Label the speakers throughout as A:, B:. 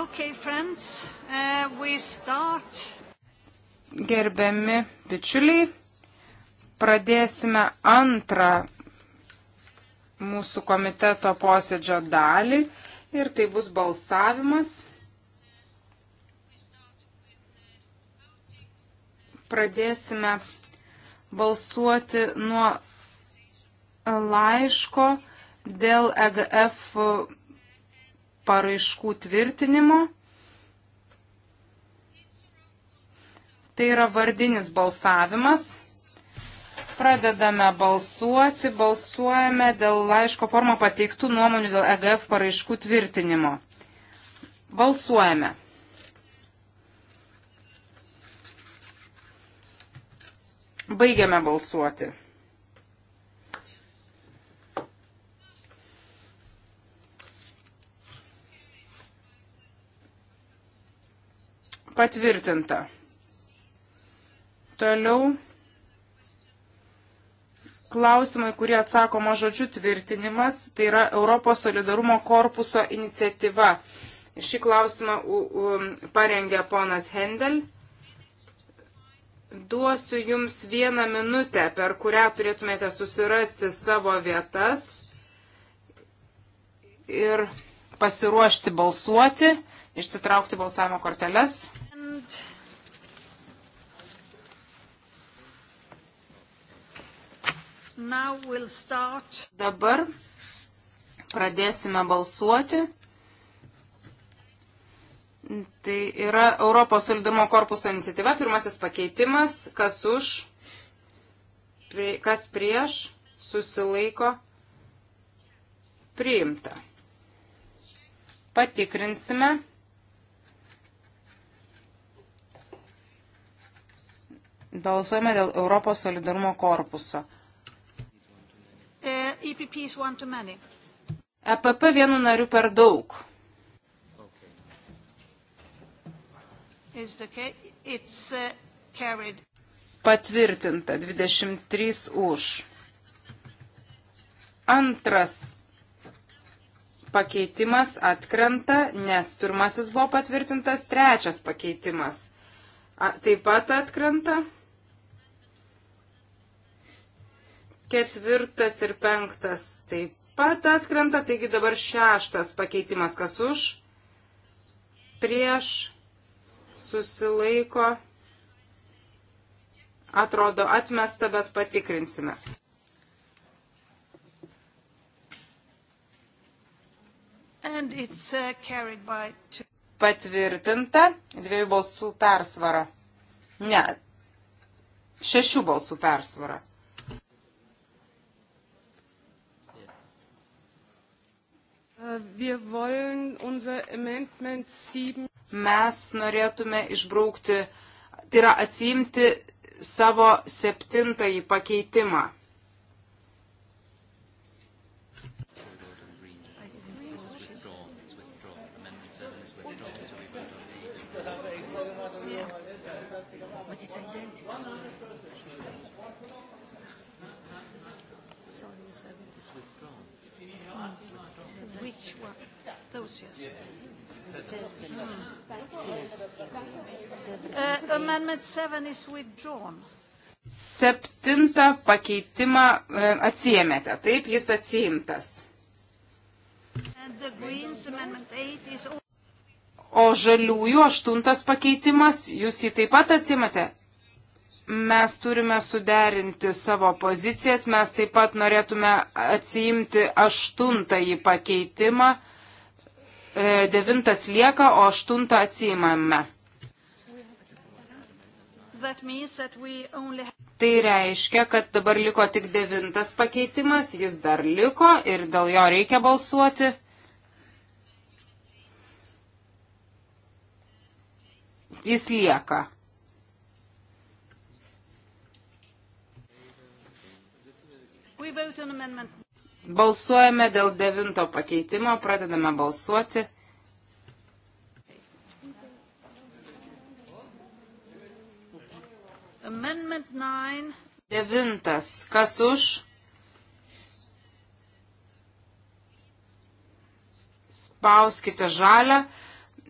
A: Okay, friends, uh, we start.
B: Gerbiami bičiuliai, pradėsime antrą mūsų komiteto posėdžio dalį ir tai bus balsavimas. Pradėsime balsuoti nuo laiško dėl EGF paraiškų tvirtinimo. Tai yra vardinis balsavimas. Pradedame balsuoti, balsuojame dėl laiško formo pateiktų nuomonių dėl EGF paraiškų tvirtinimo. Balsuojame. Baigiame balsuoti. patvirtinta. Toliau klausimai, kurie atsakoma žodžiu tvirtinimas, tai yra Europos solidarumo korpuso iniciatyva. Šį klausimą u, u, parengė ponas Hendel. Duosiu jums vieną minutę, per kurią turėtumėte susirasti savo vietas ir pasiruošti balsuoti, išsitraukti balsavimo korteles
A: vote. We'll
B: Dabar pradėsime balsuoti. Tai yra Europos solidumo korpuso iniciatyva, pirmasis pakeitimas, kas už, prie, kas prieš, susilaiko, priimta. Patikrinsime. Balsuojame dėl Europos solidarumo korpuso.
A: Uh, EPP
B: e vienu nariu per daug. Uh, Patvirtinta 23 už. Antras pakeitimas atkrenta, nes pirmasis buvo patvirtintas, trečias pakeitimas A, taip pat atkrenta. Ketvirtas ir penktas taip pat atkrenta, taigi dabar šeštas pakeitimas, kas už, prieš, susilaiko, atrodo atmesta, bet patikrinsime.
A: Uh,
B: Patvirtinta dviejų balsų persvara. Ne, šešių balsų persvara. Mes norėtume išbraukti, tai yra atsiimti savo septintąjį pakeitimą. Uh, Septintą pakeitimą uh, atsijėmėte, taip jis atsijimtas. O žaliųjų aštuntas pakeitimas, jūs jį taip pat atsimate? Mes turime suderinti savo pozicijas, mes taip pat norėtume atsiimti aštuntąjį pakeitimą. E, devintas lieka, o aštuntą atsiimame. Tai reiškia, kad dabar liko tik devintas pakeitimas, jis dar liko ir dėl jo reikia balsuoti. Jis lieka. Balsuojame dėl devinto pakeitimo, pradedame balsuoti. Devintas. Kas už? Spauskite žalę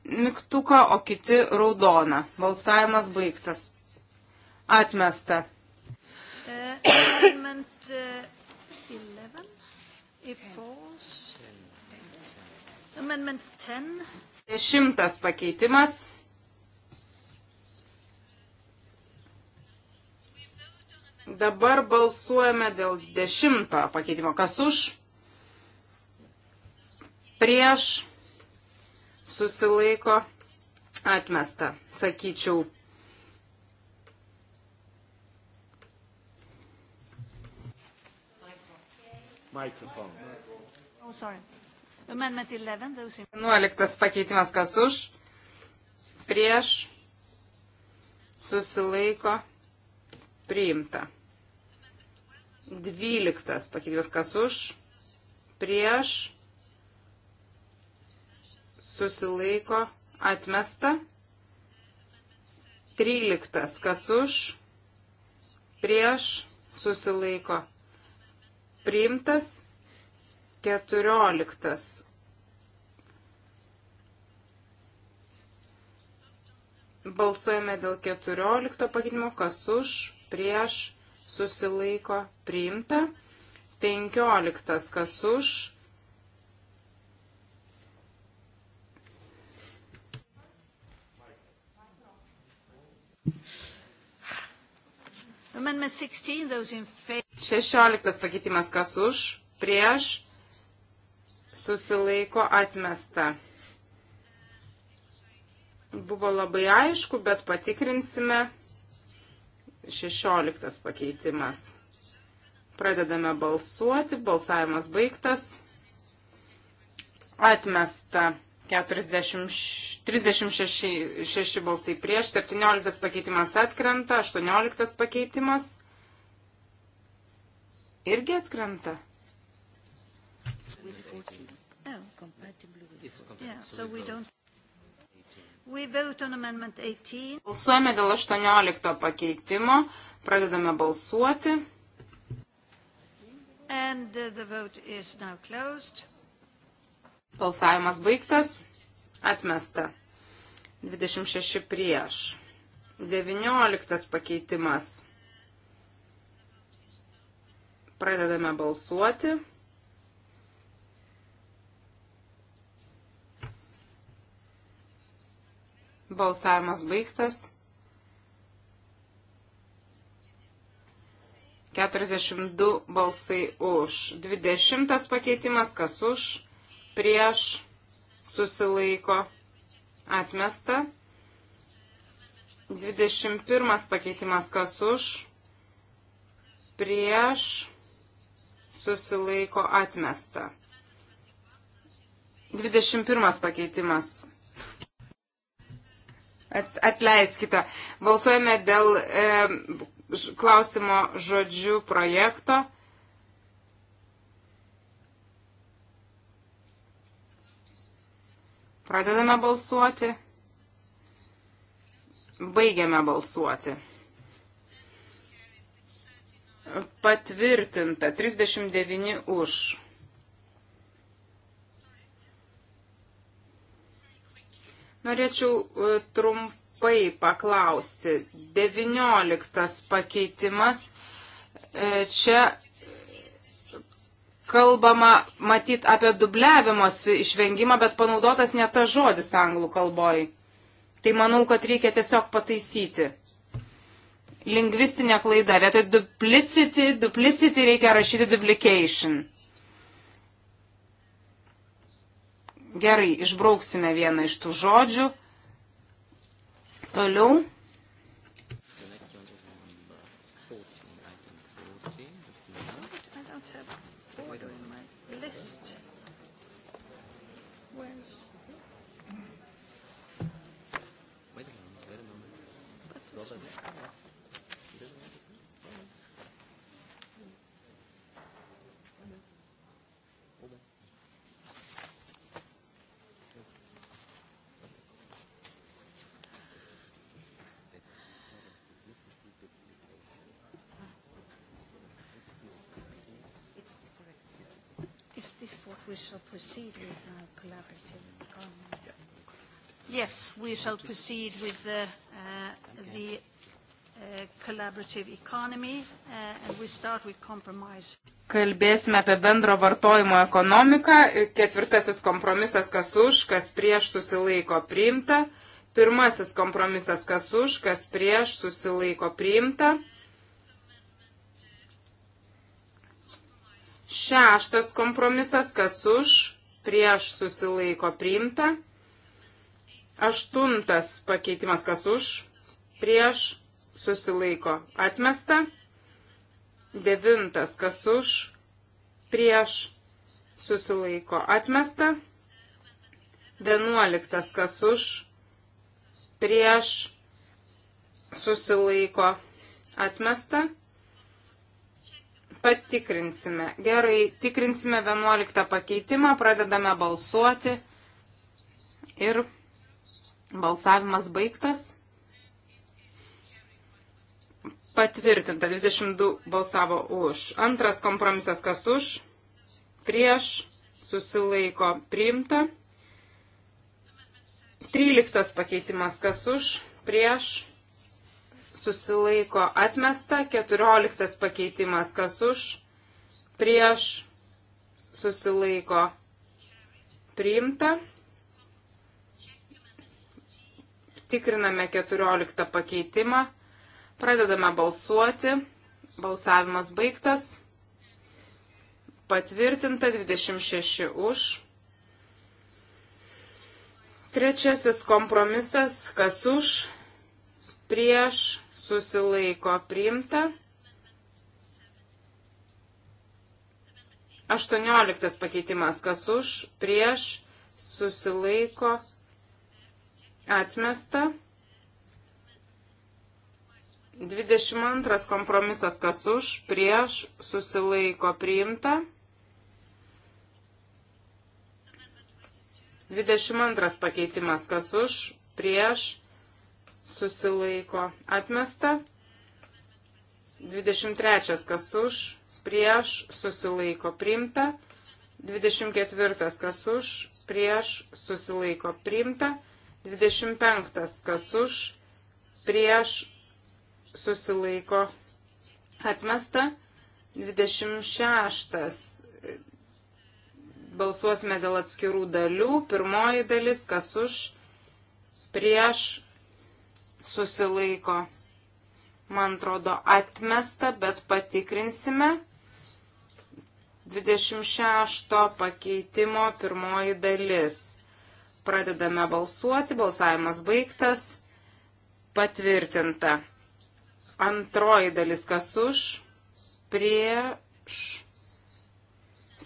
B: mygtuką, o kiti raudoną. Balsavimas baigtas. Atmesta.
A: Uh, amendment, uh, 11. It falls. Amendment 10.
B: Dešimtas pakeitimas. Dabar balsuojame dėl dešimto pakeitimo. Kas už? Prieš susilaiko atmesta, sakyčiau.
C: Microphone.
A: Oh, sorry. Amendment 11, those in... 11 pakeitimas
B: kas už, prieš, susilaiko, priimta. 12 pakeitimas kas už, prieš, susilaiko, atmesta. 13 kas už, prieš, susilaiko, priimtas. 14. Balsuojame dėl 14 pakeitimo, kas už, prieš, susilaiko, priimta. 15, kas už.
A: Amendment 16, those in favor.
B: 16 pakeitimas, kas už, prieš, susilaiko atmesta. Buvo labai aišku, bet patikrinsime. 16 pakeitimas. Pradedame balsuoti, balsavimas baigtas. Atmesta. 40, 36 6 balsai prieš, 17 pakeitimas atkrenta, 18 pakeitimas irgi atkrenta. it's continued. Yeah,
A: so, so we, we don't. We vote on amendment 18. Balsuojame
B: dėl 18 pakeitimo. Pradedame balsuoti.
A: And uh, the vote is now closed.
B: Balsavimas baigtas. Atmesta. 26 prieš. 19 pakeitimas. Pradedame balsuoti. Balsavimas baigtas. 42 balsai už. 20 pakeitimas, kas už, prieš, susilaiko, atmesta. 21 pakeitimas, kas už, prieš, susilaiko, atmesta. 21 pakeitimas, Atleiskite. Balsuojame dėl e, klausimo žodžių projekto. Pradedame balsuoti. Baigiame balsuoti. Patvirtinta 39 už. Norėčiau e, trumpai paklausti. 19 pakeitimas. E, čia kalbama, matyt, apie dubliavimas išvengimą, bet panaudotas ne ta žodis anglų kalboj. Tai manau, kad reikia tiesiog pataisyti. Lingvistinė klaida. Vietoj duplicity, duplicity reikia rašyti duplication. Gerai, išbrauksime vieną iš tų žodžių. Toliau
A: proceed with now collaborative economy? Yeah.
D: Yes, we shall proceed
A: with the, uh, the uh, collaborative economy, uh, and we start with compromise.
B: Kalbėsime apie bendro vartojimo ekonomiką. Ketvirtasis kompromisas, kas už, kas prieš susilaiko priimta. Pirmasis kompromisas, kas už, kas prieš susilaiko priimta. Šeštas kompromisas, kas už, prieš susilaiko priimta. Aštuntas pakeitimas kas už, prieš susilaiko atmesta. Devintas kas už, prieš susilaiko atmesta. Vienuoliktas kas už, prieš susilaiko atmesta. Patikrinsime. Gerai, tikrinsime 11 pakeitimą, pradedame balsuoti ir balsavimas baigtas. Patvirtinta, 22 balsavo už. Antras kompromisas, kas už, prieš, susilaiko, priimta. 13 pakeitimas, kas už, prieš, susilaiko atmesta, 14 pakeitimas kas už, prieš susilaiko priimta. Tikriname 14 pakeitimą, pradedame balsuoti, balsavimas baigtas, patvirtinta 26 už. Trečiasis kompromisas, kas už, prieš, susilaiko priimta. 18 pakeitimas, kas už, prieš, susilaiko, atmesta. 22 kompromisas, kas už, prieš, susilaiko, priimta. 22 pakeitimas, kas už, prieš, susilaiko atmesta. 23 kas už, prieš susilaiko primta. 24 kas už, prieš susilaiko primta. 25 kas už, prieš susilaiko atmesta. 26 balsuosime dėl atskirų dalių. Pirmoji dalis kas už, prieš susilaiko. Man atrodo atmesta, bet patikrinsime. 26 pakeitimo pirmoji dalis. Pradedame balsuoti, balsavimas baigtas, patvirtinta. Antroji dalis kas už, prieš,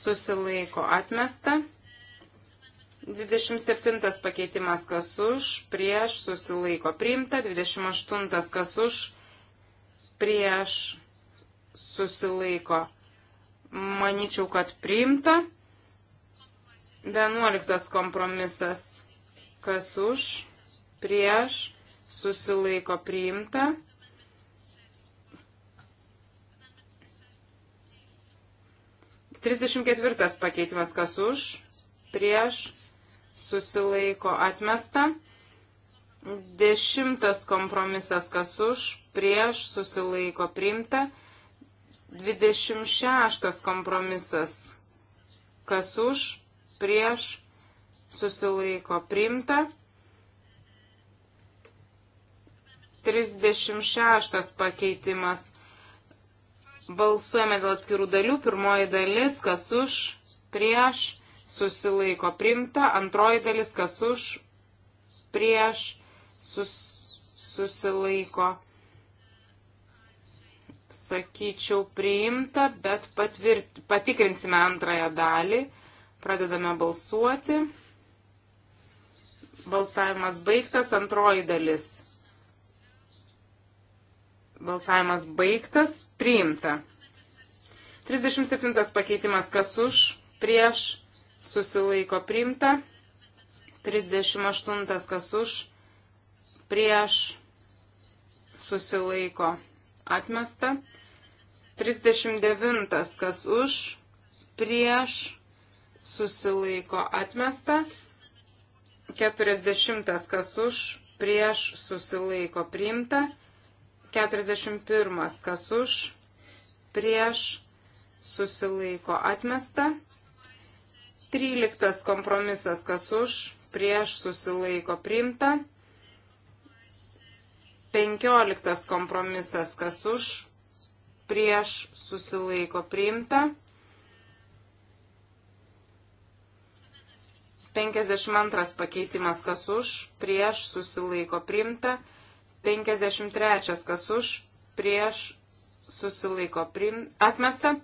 B: susilaiko atmesta. 27 pakeitimas kas už, prieš, susilaiko priimta. 28 kas už, prieš, susilaiko. Maničiau, kad priimta. 11 kompromisas kas už, prieš, susilaiko priimta. Trisdešimt ketvirtas pakeitimas kas už, prieš, susilaiko atmesta. Dešimtas kompromisas, kas už, prieš, susilaiko priimta. Dvidešimt šeštas kompromisas, kas už, prieš, susilaiko priimta. 36 pakeitimas. Balsuojame dėl atskirų dalių. Pirmoji dalis, kas už, prieš, susilaiko primta, antroji dalis kas už, prieš, sus, susilaiko, sakyčiau, priimta, bet patvirt, patikrinsime antrąją dalį, pradedame balsuoti. Balsavimas baigtas, antroji dalis. Balsavimas baigtas, priimta. 37 pakeitimas kas už, prieš, susilaiko priimta, 38 kas už, prieš susilaiko atmesta, 39 kas už, prieš susilaiko atmesta, 40 kas už, prieš susilaiko priimta, 41 kas už, prieš susilaiko atmesta. 13 kompromisas, kas už, prieš susilaiko priimta. 15 kompromisas, kas už, prieš susilaiko priimta. 52 pakeitimas kas už, prieš susilaiko priimta. 53 kas už, prieš susilaiko priimta. Atmesta.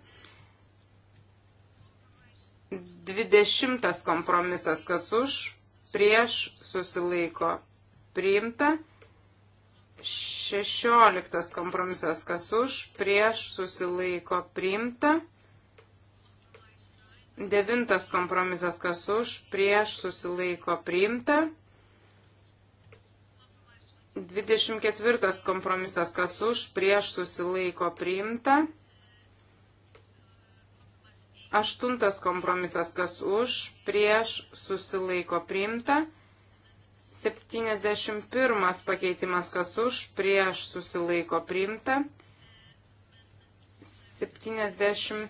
B: 20 kompromisas, kas už, prieš susilaiko priimta. 16 kompromisas, kas už, prieš susilaiko priimta. 9 kompromisas, kas už, prieš susilaiko priimta. 24 kompromisas, kas už, prieš susilaiko priimta. Aštuntas kompromisas, kas už, prieš, susilaiko priimta. 71 pakeitimas, kas už, prieš, susilaiko priimta. 70.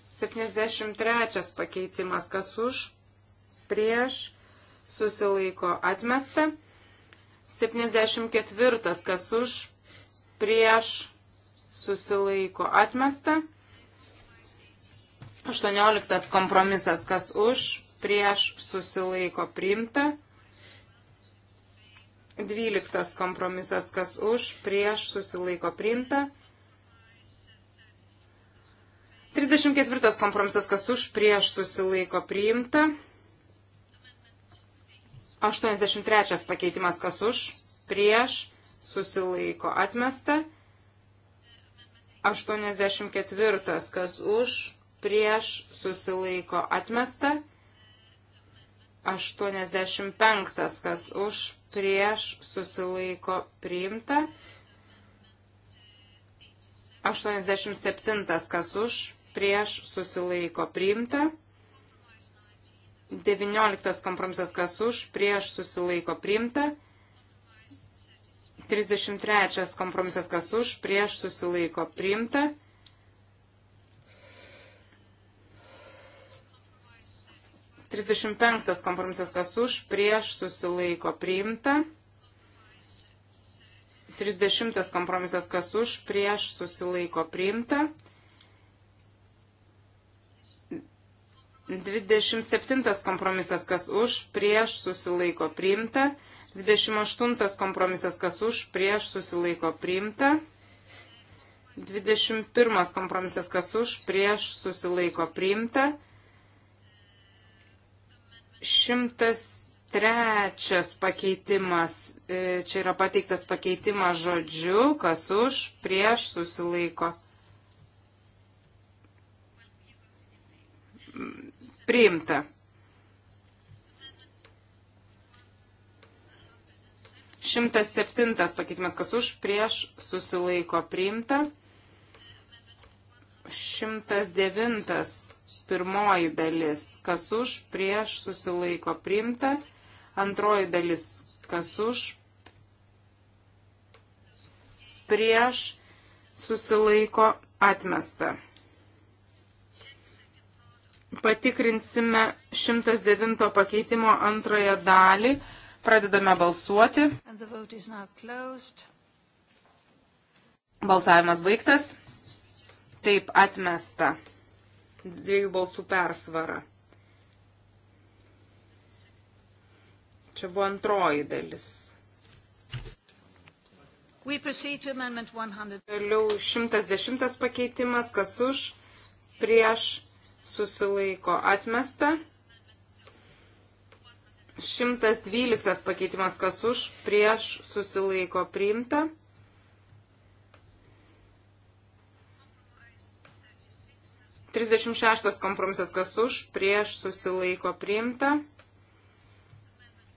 B: 73 pakeitimas, kas už, prieš, susilaiko atmesta. 74 kas už, prieš, susilaiko atmesta. 18 kompromisas, kas už, prieš susilaiko priimta. 12 kompromisas, kas už, prieš susilaiko priimta. 34 kompromisas, kas už, prieš susilaiko priimta. 83 pakeitimas, kas už, prieš susilaiko atmesta. 84. Kas už, prieš, susilaiko atmesta. 85. Kas už, prieš, susilaiko priimta. 87. Kas už, prieš, susilaiko priimta. 19 kompromisas kas už, prieš susilaiko priimta. 33 kompromisas kas už, prieš susilaiko priimta. Trisdešimt penktas kompromisas kas už, prieš susilaiko priimta. Trisdešimtas kompromisas kas už, prieš susilaiko priimta. 27 kompromisas, kas už, prieš, susilaiko priimta. 28 kompromisas kas už, prieš susilaiko priimta. 21 kompromisas kas už, prieš susilaiko priimta. 103 pakeitimas, e, čia yra pateiktas pakeitimas žodžiu, kas už, prieš susilaiko. Priimta. 107 pakeitimas kas už, prieš susilaiko priimta. 109 pirmoji dalis kas už, prieš susilaiko priimta. Antroji dalis kas už, prieš susilaiko atmesta. Patikrinsime 109 pakeitimo antrąją dalį. Pradedame balsuoti. Balsavimas baigtas. Taip, atmesta. Dviejų balsų persvara. Čia buvo antroji dalis.
A: Toliau
B: 110 pakeitimas, kas už, prieš, susilaiko atmesta. 112 pakeitimas kas už, prieš susilaiko priimta. Trisdešimt šeštas kompromisas kas už, prieš susilaiko priimta.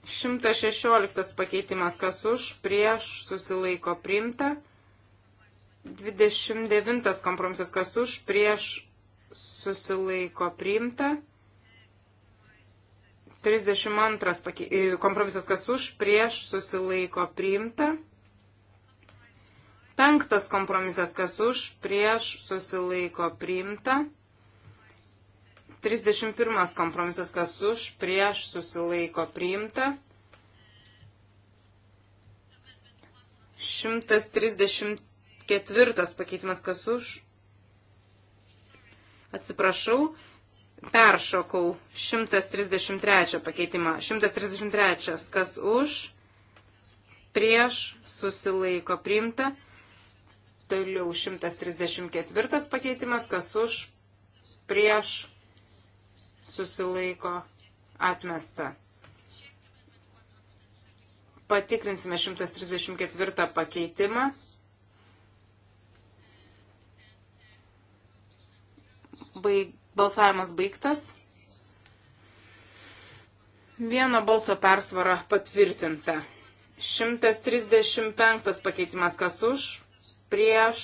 B: 116 pakeitimas kas už, prieš susilaiko priimta. 29 kompromisas kas už, prieš susilaiko priimta. 32 e, kompromisas kas už, prieš susilaiko priimta. Penktas kompromisas kas už, prieš susilaiko priimta. 31 kompromisas kas už, prieš susilaiko priimta. 134 pakeitimas kas už. Atsiprašau, Peršokau 133 pakeitimą. 133. Kas už? Prieš susilaiko priimta. Toliau 134 pakeitimas. Kas už? Prieš susilaiko atmesta. Patikrinsime 134 pakeitimą. Baig Balsavimas baigtas. Vieno balso persvara patvirtinta. 135 pakeitimas kas už, prieš,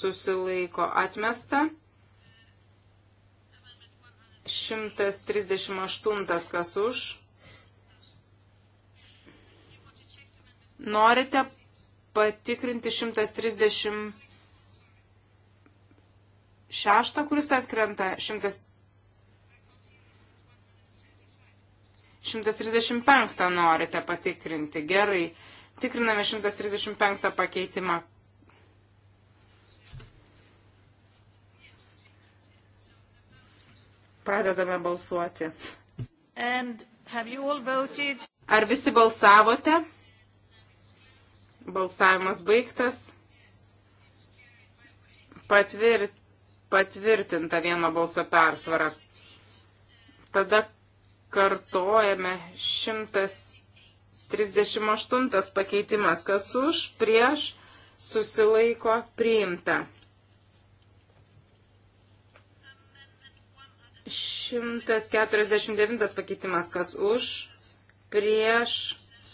B: susilaiko atmesta. 138 kas už. Norite patikrinti 136 136, kuris atkrenta, 100. 135 norite patikrinti. Gerai. Tikriname 135 pakeitimą. Pradedame balsuoti. Ar visi balsavote? Balsavimas baigtas. Patvirt, patvirtinta vieno balso persvara. Tada kartojame 138 pakeitimas, kas už, prieš, susilaiko, priimta. 149 pakeitimas, kas už, prieš,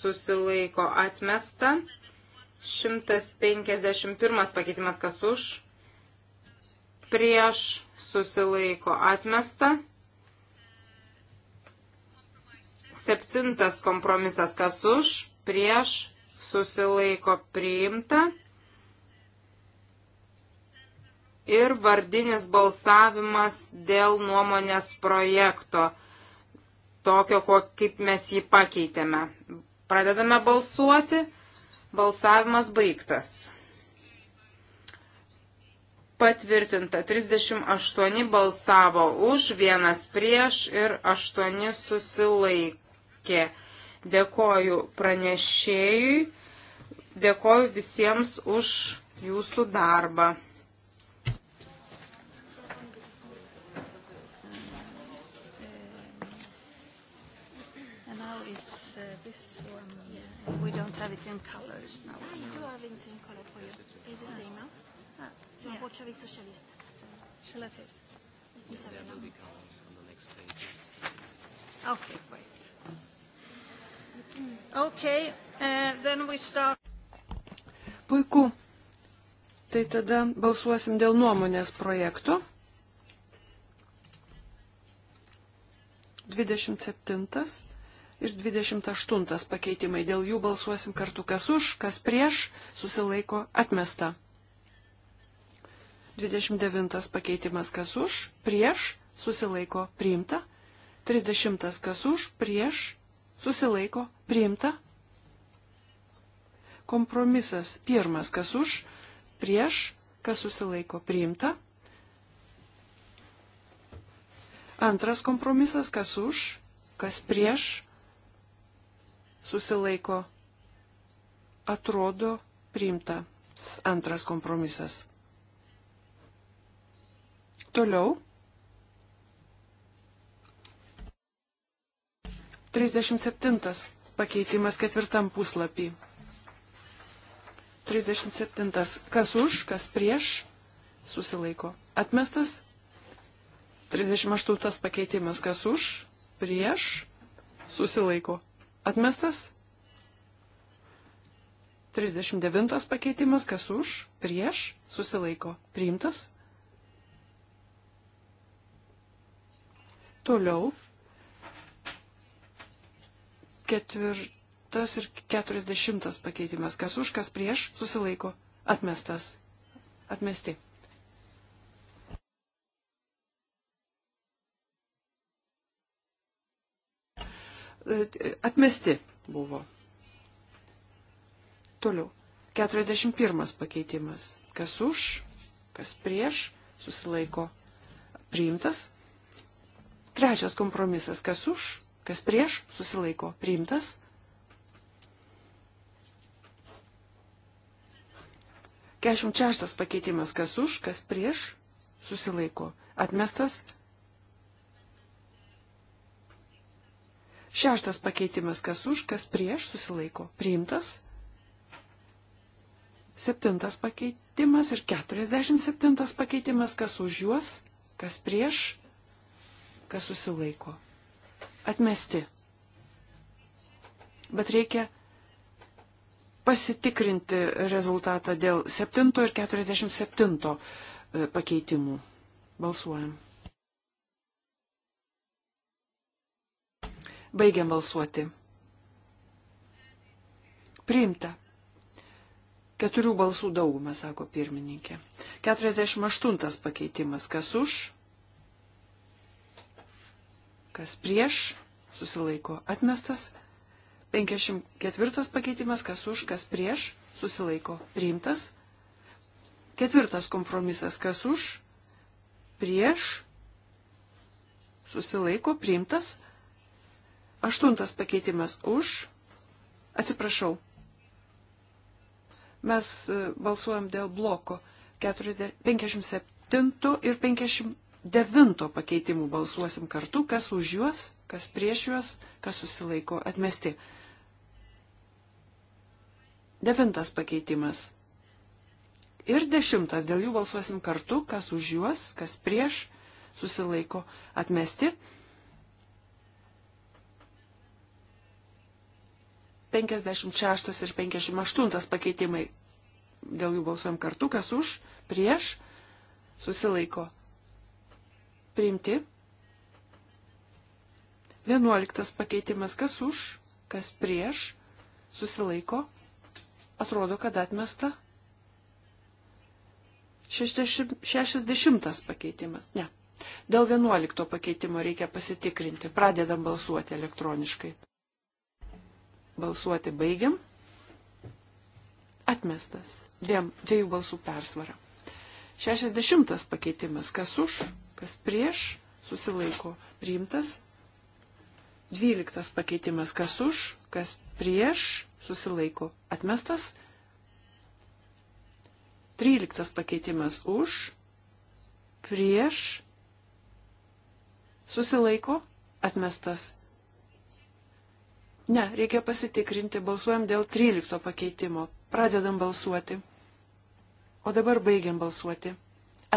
B: susilaiko, atmesta. 151 pakeitimas, kas už, prieš susilaiko atmesta. Septintas kompromisas kas už, prieš susilaiko priimta. Ir vardinis balsavimas dėl nuomonės projekto, tokio, kaip mes jį pakeitėme. Pradedame balsuoti, balsavimas baigtas patvirtinta. 38 balsavo už, vienas prieš ir 8 susilaikė. Dėkoju pranešėjui, dėkoju visiems už jūsų darbą.
A: It's uh, this one. Yeah. We don't have it in colors now. Ah, you do have it in color for you. Is the same, huh? Yeah. What shall we socialist? So, shall I take? Yeah, there will be columns on the next pages. Okay, great. Okay, uh, then we start.
C: Puiku. Tai tada balsuosim dėl nuomonės projektų. 27 ir 28 pakeitimai. Dėl jų balsuosim kartu, kas už, kas prieš, susilaiko atmesta. 29 pakeitimas kas už, prieš, susilaiko priimta. 30 kas už, prieš, susilaiko priimta. Kompromisas pirmas kas už, prieš, kas susilaiko priimta. Antras kompromisas kas už, kas prieš, susilaiko atrodo priimta. Antras kompromisas. Toliau. 37 pakeitimas ketvirtam puslapį. 37. Kas už, kas prieš, susilaiko. Atmestas. 38 pakeitimas. Kas už, prieš, susilaiko. Atmestas. 39 pakeitimas. Kas už, prieš, susilaiko. Priimtas. Toliau. Ketvirtas ir keturiasdešimtas pakeitimas. Kas už, kas prieš, susilaiko. Atmestas. Atmesti. Atmesti buvo. Toliau. 41 pakeitimas. Kas už, kas prieš, susilaiko priimtas. Trečias kompromisas, kas už, kas prieš, susilaiko priimtas. Kešim šeštas pakeitimas, kas už, kas prieš, susilaiko atmestas. Šeštas pakeitimas, kas už, kas prieš, susilaiko priimtas. Septintas pakeitimas ir keturiasdešimt septintas pakeitimas, kas už juos, kas prieš, kas susilaiko. Atmesti. Bet reikia pasitikrinti rezultatą dėl 7 ir 47 e, pakeitimų. Balsuojam. Baigiam balsuoti. Priimta. Keturių balsų daugumą, sako pirmininkė. 48 pakeitimas. Kas už? kas prieš, susilaiko atmestas. 54 pakeitimas, kas už, kas prieš, susilaiko priimtas. Ketvirtas kompromisas, kas už, prieš, susilaiko priimtas. Aštuntas pakeitimas už, atsiprašau, mes e, balsuojam dėl bloko 57 ir 50 devinto pakeitimų balsuosim kartu, kas už juos, kas prieš juos, kas susilaiko atmesti. Devintas pakeitimas. Ir dešimtas, dėl jų balsuosim kartu, kas už juos, kas prieš, susilaiko atmesti. 56 ir 58 pakeitimai. Dėl jų balsuojam kartu, kas už, prieš, susilaiko Priimti. Vienuoliktas pakeitimas, kas už, kas prieš, susilaiko, atrodo, kad atmesta. Šešdešimtas pakeitimas, ne. Dėl vienuolikto pakeitimo reikia pasitikrinti. Pradedam balsuoti elektroniškai. Balsuoti baigiam. Atmestas. Dviem, dviejų balsų persvara. Šešdešimtas pakeitimas, kas už, kas prieš, susilaiko priimtas. Dvyliktas pakeitimas, kas už, kas prieš, susilaiko atmestas. Tryliktas pakeitimas už, prieš, susilaiko atmestas. Ne, reikia pasitikrinti, balsuojam dėl 13 pakeitimo. Pradedam balsuoti. O dabar baigiam balsuoti.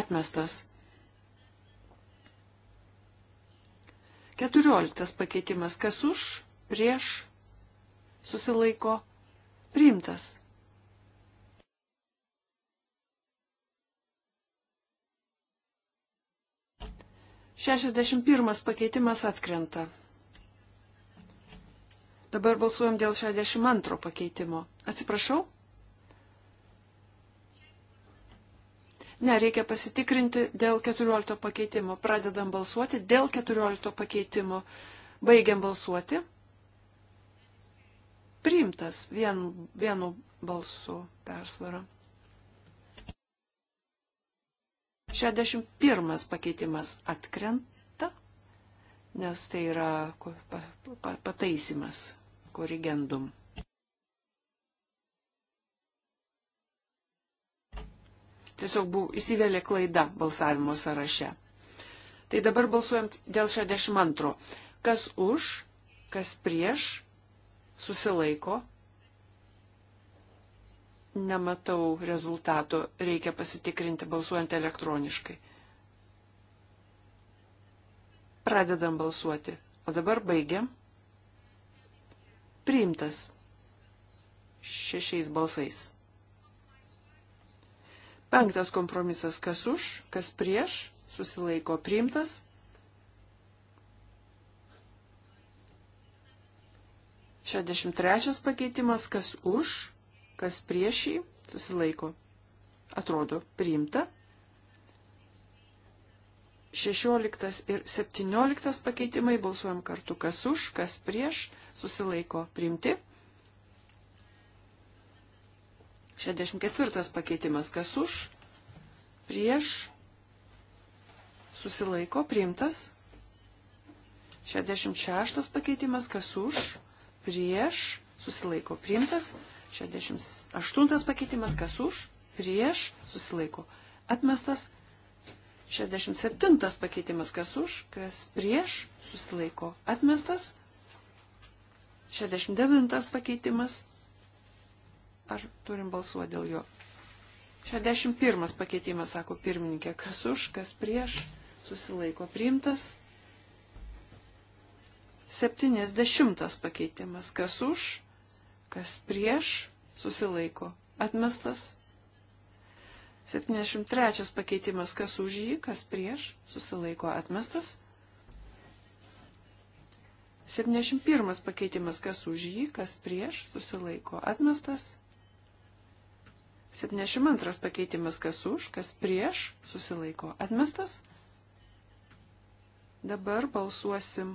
C: Atmestas. Keturioliktas pakeitimas. Kas už, prieš, susilaiko, priimtas. Šešiasdešimt pirmas pakeitimas atkrenta. Dabar balsuojam dėl 62 pakeitimo. Atsiprašau? Ne, reikia pasitikrinti dėl 14 pakeitimo. Pradedam balsuoti dėl 14 pakeitimo. Baigiam balsuoti. Priimtas vien, vienu balsu persvara. 61 pakeitimas atkrenta, nes tai yra pataisimas, korigendum. tiesiog buvo įsivelė klaida balsavimo sąraše. Tai dabar balsuojant dėl 62. Kas už, kas prieš, susilaiko. Nematau rezultato, reikia pasitikrinti balsuojant elektroniškai. Pradedam balsuoti, o dabar baigiam. Priimtas šešiais balsais. Penktas kompromisas - kas už, kas prieš, susilaiko priimtas. Šešdešimt trečias pakeitimas - kas už, kas prieš jį, susilaiko. Atrodo, priimta. Šešioliktas ir septynioliktas pakeitimai balsuojam kartu - kas už, kas prieš, susilaiko priimti. 64 pakeitimas. Kas už? Prieš? Susilaiko? Priimtas? 66 pakeitimas. Kas už? Prieš? Susilaiko? Priimtas? 68 pakeitimas. Kas už? Prieš? Susilaiko? Atmestas? 67 pakeitimas kas už, kas prieš, susilaiko atmestas. 69 pakeitimas Ar turim balsuoti dėl jo? 61 pakeitimas, sako pirmininkė, kas už, kas prieš, susilaiko priimtas. 70 pakeitimas, kas už, kas prieš, susilaiko atmestas. 73 pakeitimas, kas už jį, kas prieš, susilaiko atmestas. 71 pakeitimas, kas už jį, kas prieš, susilaiko atmestas. 72 pakeitimas kas už, kas prieš, susilaiko atmestas. Dabar balsuosim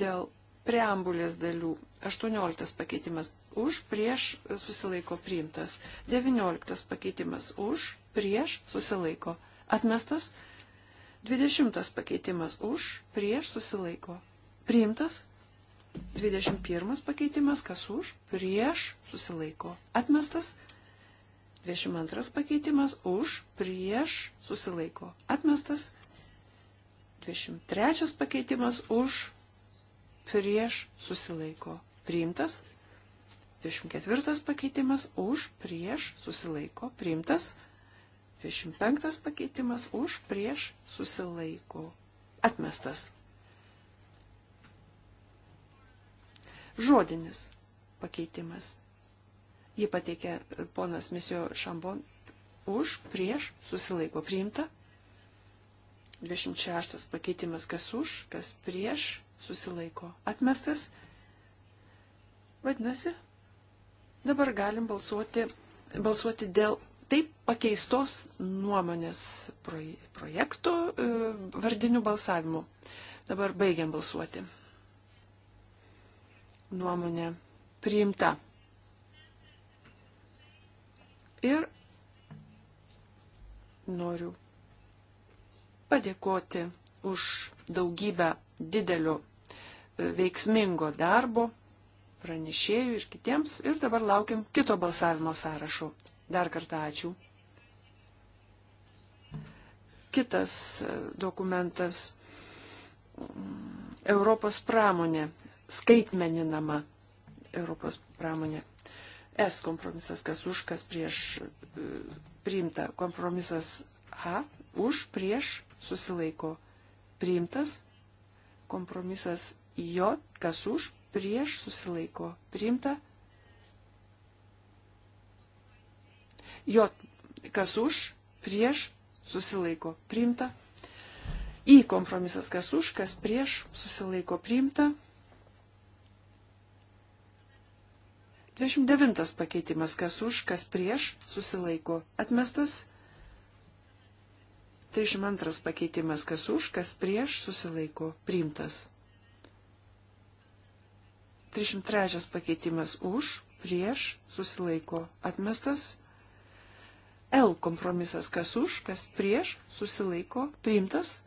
C: dėl preambulės dalių. 18 pakeitimas už, prieš, susilaiko priimtas. 19 pakeitimas už, prieš, susilaiko atmestas. 20 pakeitimas už, prieš, susilaiko priimtas. 21 pakeitimas kas už, prieš, susilaiko atmestas. 22 pakeitimas už, prieš, susilaiko atmestas. 23 pakeitimas už, prieš, susilaiko priimtas. 24 pakeitimas už, prieš, susilaiko priimtas. 25 pakeitimas už, prieš, susilaiko atmestas. Žodinis pakeitimas Jį pateikė ponas Misijo Šambon už, prieš, susilaiko priimta. 26 pakeitimas kas už, kas prieš, susilaiko atmestas. Vadinasi, dabar galim balsuoti, balsuoti dėl taip pakeistos nuomonės projektų e, vardinių balsavimų. Dabar baigiam balsuoti. Nuomonė priimta. Ir noriu padėkoti už daugybę didelio e, veiksmingo darbo pranešėjų ir kitiems. Ir dabar laukiam kito balsavimo sąrašo. Dar kartą ačiū. Kitas e, dokumentas. Mm, Europos pramonė, skaitmeninama Europos pramonė. S kompromisas, kas už, kas prieš e, priimta. Kompromisas H už, prieš susilaiko priimtas. Kompromisas J, kas už, prieš susilaiko priimta. J, kas už, prieš susilaiko priimta. Į kompromisas kas už, kas prieš susilaiko priimta. 29 pakeitimas, kas už, kas prieš, susilaiko atmestas. 32 pakeitimas, kas už, kas prieš, susilaiko priimtas. 303 pakeitimas už, prieš, susilaiko atmestas. L kompromisas, kas už, kas prieš, susilaiko priimtas.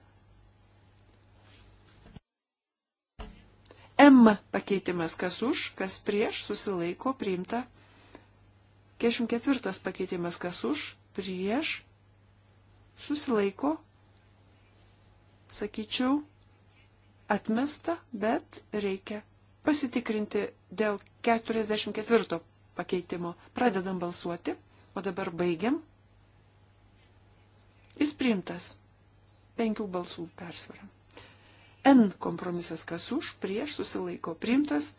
C: M pakeitimas, kas už, kas prieš, susilaiko, priimta. 44 pakeitimas, kas už, prieš, susilaiko, sakyčiau, atmesta, bet reikia pasitikrinti dėl 44 pakeitimo. Pradedam balsuoti, o dabar baigiam. Jis priimtas penkių balsų persvarą. N kompromisas, kas už, prieš, susilaiko priimtas.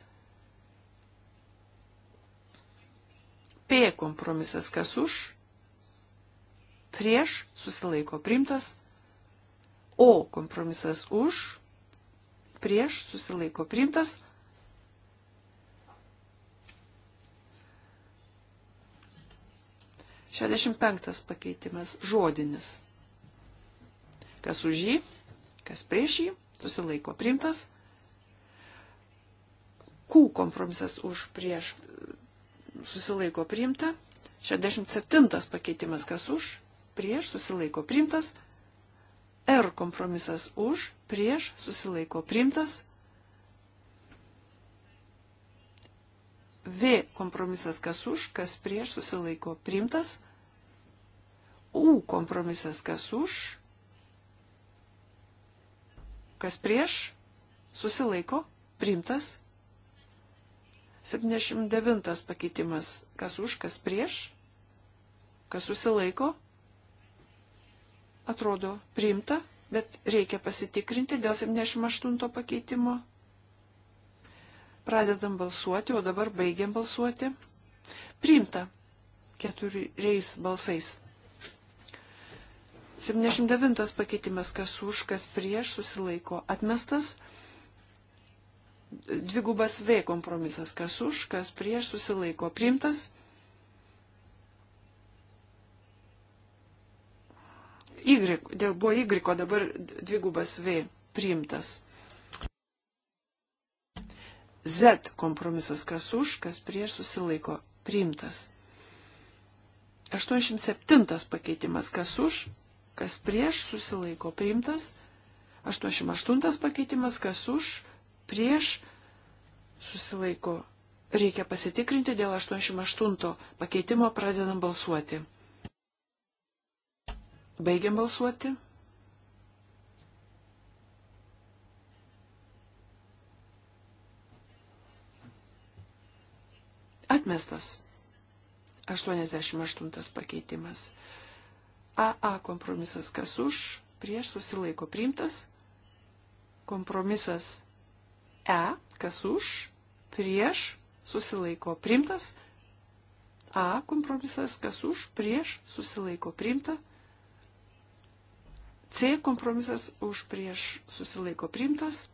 C: P kompromisas, kas už, prieš, susilaiko priimtas. O kompromisas už, prieš, susilaiko priimtas. Šešiasdešimt penktas pakeitimas žodinis. Kas už jį, kas prieš jį, susilaiko priimtas. Q kompromisas už prieš susilaiko priimta. 67 pakeitimas kas už, prieš susilaiko priimtas. R kompromisas už, prieš susilaiko priimtas. V kompromisas kas už, kas prieš susilaiko priimtas. U kompromisas kas už, Kas prieš? Susilaiko. Primtas. 79 pakeitimas. Kas už, kas prieš? Kas susilaiko? Atrodo priimta, bet reikia pasitikrinti dėl 78 pakeitimo. Pradedam balsuoti, o dabar baigiam balsuoti. Priimta keturiais balsais. 79 pakeitimas, kas už, kas prieš, susilaiko atmestas. Dvigubas V kompromisas, kas už, kas prieš, susilaiko priimtas. Y, dėl buvo Y, o dabar dvigubas V priimtas. Z kompromisas, kas už, kas prieš, susilaiko priimtas. 87 pakeitimas, kas už, kas prieš susilaiko priimtas, 88 pakeitimas, kas už, prieš susilaiko. Reikia pasitikrinti dėl 88 pakeitimo, pradedam balsuoti. Baigiam balsuoti. Atmestas. 88 pakeitimas. AA kompromisas kas už, prieš susilaiko priimtas. Kompromisas E kas už, prieš susilaiko priimtas. A kompromisas kas už, prieš susilaiko priimta. C kompromisas už prieš susilaiko priimtas.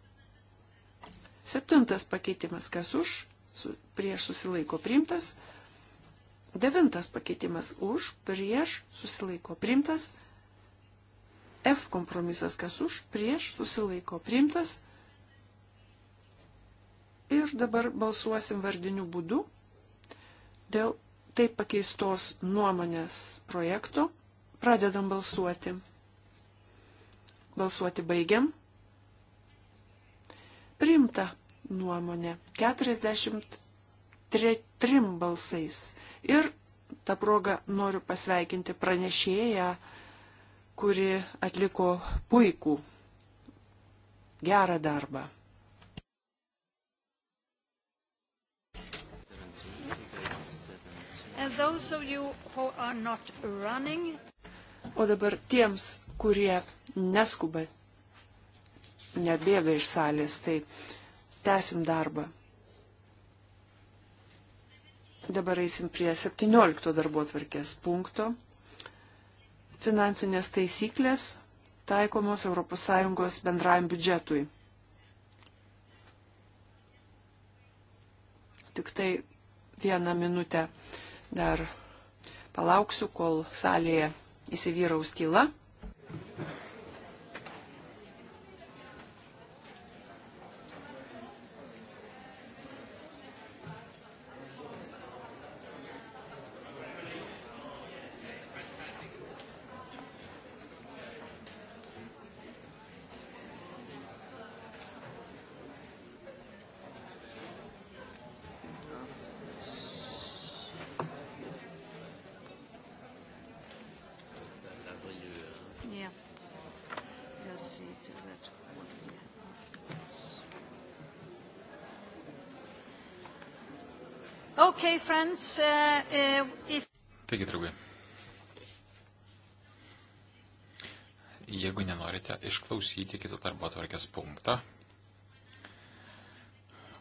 C: Septintas pakeitimas kas už, su, prieš susilaiko priimtas. Devintas pakeitimas už, prieš, susilaiko primtas. F kompromisas kas už, prieš, susilaiko primtas. Ir dabar balsuosim vardiniu būdu dėl taip pakeistos nuomonės projekto. Pradedam balsuoti. Balsuoti baigiam. Primta nuomonė 43 balsais Ir tą progą noriu pasveikinti pranešėją, kuri atliko puikų, gerą darbą.
A: Running...
C: O dabar tiems, kurie neskuba, nebėga iš salės, tai tęsim darbą. Dabar eisim prie 17 darbo atvarkės punkto. Finansinės taisyklės taikomos ES bendrajam biudžetui. Tik tai vieną minutę dar palauksiu, kol salėje įsivyraus tyla.
A: Okay, friends, uh, uh, if...
D: Taigi, draugai, jeigu nenorite išklausyti kito darbo atvarkės punktą,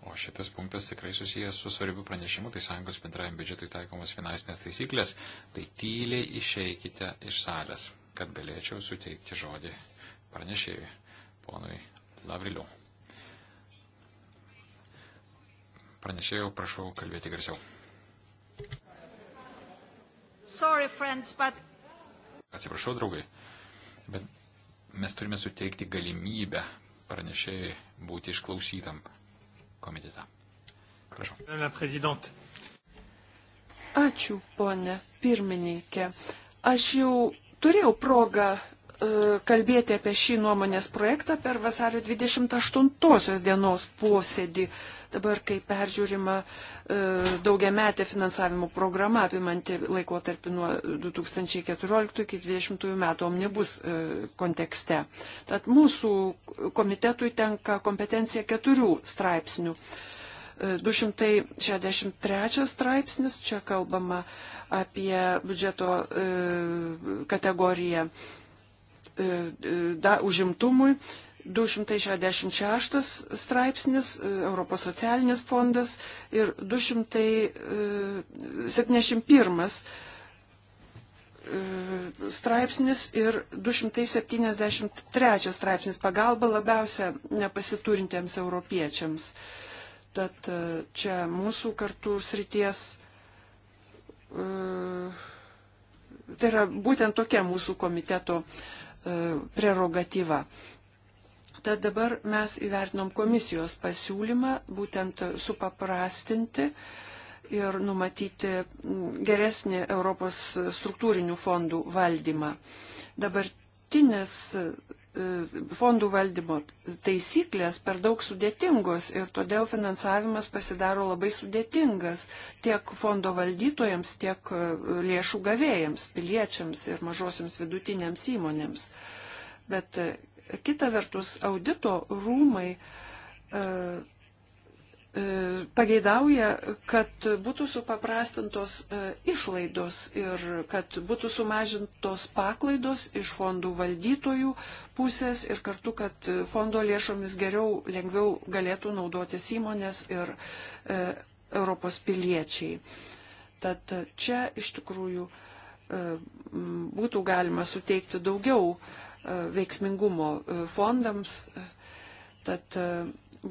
D: o šitas punktas tikrai susijęs su svarbiu pranešimu, tai sąjungos bendrajam biudžetui taikomos finansinės taisyklės, tai tyliai išeikite iš salės, kad galėčiau suteikti žodį pranešėjui, ponui Lavriliu. Pranešėjau, prašau kalbėti garsiau.
A: Sorry, friends, but...
D: Atsiprašau, draugai, bet mes turime suteikti galimybę pranešėjai būti išklausytam komitete. Prašau.
C: Ačiū, ponė pirmininkė. Aš jau turėjau progą E, kalbėti apie šį nuomonės projektą per vasario 28 dienos posėdį, dabar kai peržiūrima e, daugiametė finansavimo programa apimanti laikotarpį nuo 2014 iki 2020 metų omnibus e, kontekste. Tad mūsų komitetui tenka kompetencija keturių straipsnių. 263 straipsnis, čia kalbama apie biudžeto kategoriją E, e, da, užimtumui. 266 straipsnis, e, Europos socialinis fondas ir 271 straipsnis ir 273 straipsnis pagalba labiausia nepasiturintiems europiečiams. Tad čia mūsų kartų srities. Tai yra būtent tokia mūsų komiteto uh, E, prerogatyva. Tad dabar mes įvertinom komisijos pasiūlymą būtent supaprastinti ir numatyti geresnį Europos struktūrinių fondų valdymą. Dabartinės fondų valdymo taisyklės per daug sudėtingos ir todėl finansavimas pasidaro labai sudėtingas tiek fondo valdytojams, tiek e, lėšų gavėjams, piliečiams ir mažosiams vidutinėms įmonėms. Bet e, kita vertus, audito rūmai e, E, pageidauja, kad būtų supaprastintos e, išlaidos ir kad būtų sumažintos paklaidos iš fondų valdytojų pusės ir kartu, kad fondo lėšomis geriau, lengviau galėtų naudotis įmonės ir e, Europos piliečiai. Tad čia iš tikrųjų būtų galima suteikti daugiau veiksmingumo fondams. Tad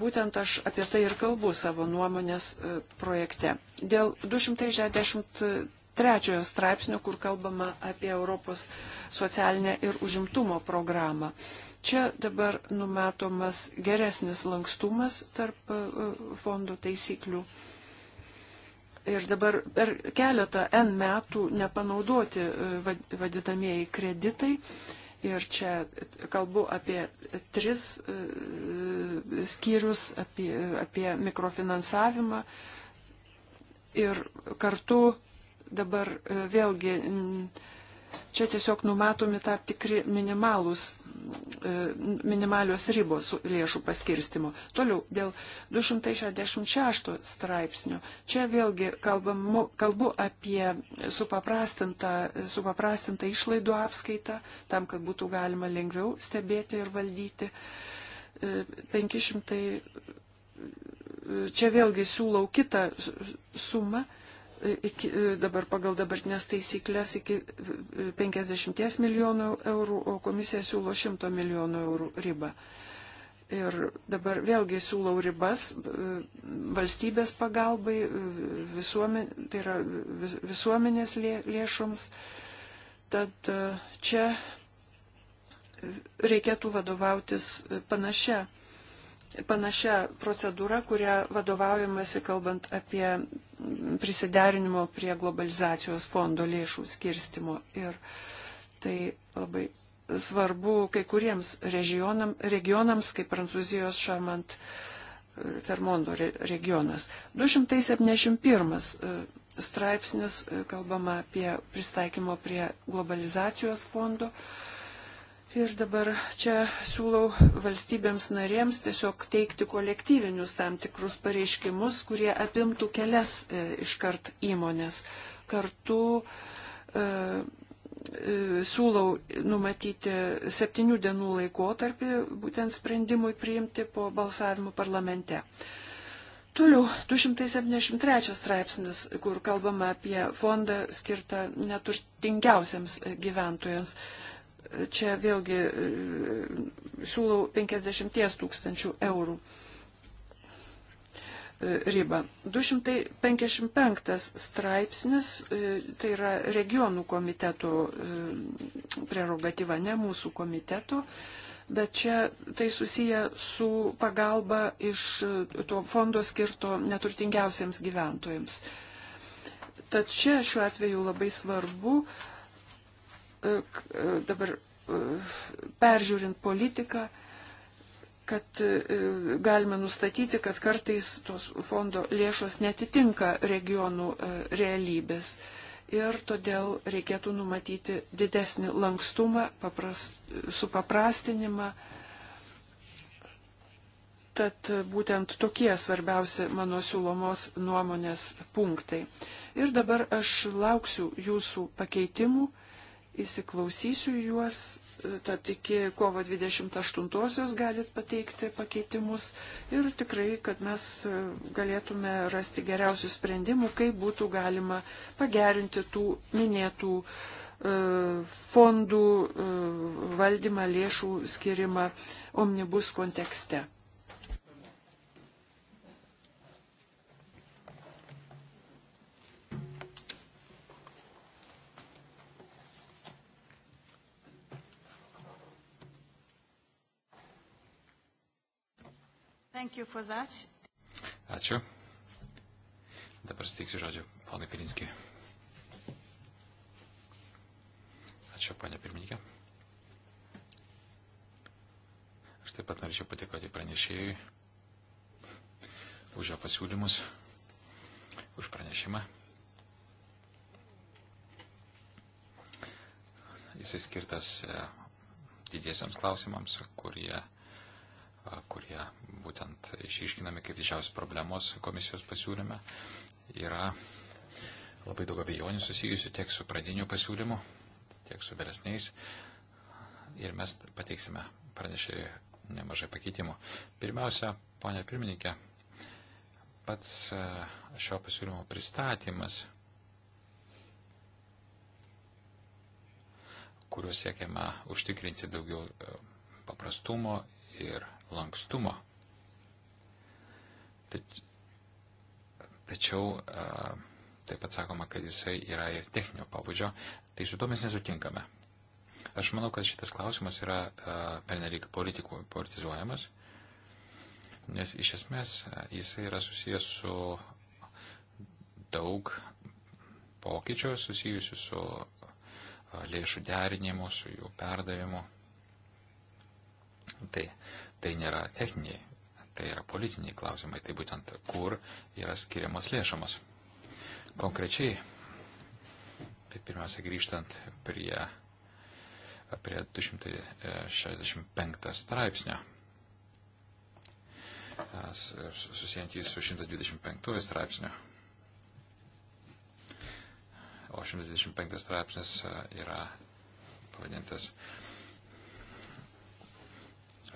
C: Būtent aš apie tai ir kalbu savo nuomonės e, projekte. Dėl 263 straipsnio, kur kalbama apie Europos socialinę ir užimtumo programą. Čia dabar numatomas geresnis lankstumas tarp e, fondų taisyklių. Ir dabar per keletą N metų nepanaudoti e, vadinamieji kreditai Ir čia kalbu apie tris e, skyrius, apie, apie mikrofinansavimą. Ir kartu dabar e, vėlgi Čia tiesiog numatomi tam tikri minimalus, e, minimalios ribos lėšų paskirstimo. Toliau, dėl 266 straipsnių. Čia vėlgi kalbam, kalbu apie supaprastintą, supaprastintą išlaidų apskaitą, tam, kad būtų galima lengviau stebėti ir valdyti. 500 e, e, čia vėlgi siūlau kitą sumą iki, e, dabar pagal dabartinės taisyklės iki 50 e, milijonų eurų, o komisija siūlo 100 milijonų eurų ribą. Ir dabar vėlgi siūlau ribas e, valstybės pagalbai, visuomen, tai yra visuomenės lė, lėšoms. Tad čia reikėtų vadovautis panašia, panašia procedūra, kurią vadovaujamasi kalbant apie prisiderinimo prie globalizacijos fondo lėšų skirstimo. Ir tai labai svarbu kai kuriems regionam, regionams, kaip Prancūzijos Šarmant e, Fermondo regionas. 271 e, straipsnis e, kalbama apie pristaikymo prie globalizacijos fondo Ir dabar čia siūlau valstybėms narėms tiesiog teikti kolektyvinius tam tikrus pareiškimus, kurie apimtų kelias e, iškart įmonės. Kartu e, e siūlau numatyti septynių dienų laikotarpį būtent sprendimui priimti po balsavimų parlamente. Toliau, 273 straipsnis, kur kalbama apie fondą skirtą neturtingiausiams gyventojams čia vėlgi e, siūlau 50 tūkstančių eurų e, ribą. 255 straipsnis, e, tai yra regionų komitetų prerogatyva, ne mūsų komiteto, bet čia tai susiję su pagalba iš to fondo skirto neturtingiausiems gyventojams. Tad čia šiuo atveju labai svarbu uh, E, e, dabar e, peržiūrint politiką, kad galime nustatyti, kad kartais tos fondo lėšos netitinka regionų realybės. Ir todėl reikėtų numatyti didesnį lankstumą, papras, supaprastinimą. Tad būtent tokie svarbiausi mano siūlomos nuomonės punktai. Ir dabar aš lauksiu jūsų pakeitimų įsiklausysiu juos, e, tad iki kovo 28-osios galit pateikti pakeitimus ir tikrai, kad mes e, galėtume rasti geriausių sprendimų, kaip būtų galima pagerinti tų minėtų e, fondų valdymą, lėšų skirimą omnibus kontekste.
D: Ačiū. Dabar steiksiu žodžiu ponui Pirinskijui. Ačiū, ponė pirmininkė. Aš taip pat norėčiau patikoti pranešėjui už jo pasiūlymus, už pranešimą. Jisai skirtas e, didiesiams klausimams, kurie kurie būtent išiškinami kaip didžiausios problemos komisijos pasiūlyme, yra labai daug abejonių susijusių tiek su pradiniu pasiūlymu, tiek su vėlesniais. Ir mes pateiksime pranešėjai nemažai pakeitimų. Pirmiausia, ponia pirmininkė, pats e, šio pasiūlymo pristatymas, kuriuo siekiama užtikrinti daugiau e, paprastumo ir lankstumo. Tačiau taip pat sakoma, kad jisai yra ir techninio pabudžio, tai su to mes nesutinkame. Aš manau, kad šitas klausimas yra pernelyg politizuojamas, nes iš esmės jisai yra susijęs su daug pokyčių susijusių su lėšų derinimu, su jų perdavimu Tai, tai nėra techniniai, tai yra politiniai klausimai, tai būtent kur yra skiriamos lėšamos. Konkrečiai, tai pirmiausia grįžtant prie, prie 265 straipsnio, susijant jį su 125 straipsniu. O 125 straipsnis yra pavadintas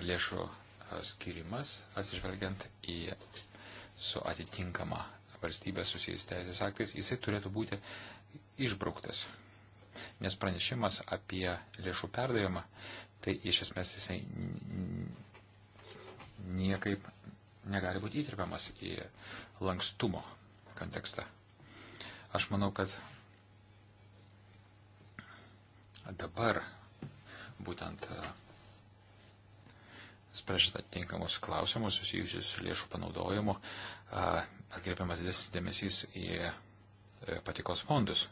D: lėšų skirimas, atsižvelgiant į su atitinkama valstybė susijęs teisės aktais, jisai turėtų būti išbrauktas. Nes pranešimas apie lėšų perdavimą, tai iš esmės jisai niekaip negali būti įtirpiamas į lankstumo kontekstą. Aš manau, kad dabar būtent uh, sprendžiant atitinkamus klausimus susijusius su lėšų panaudojimu, atkreipiamas didesnis dėmesys į e, patikos fondus.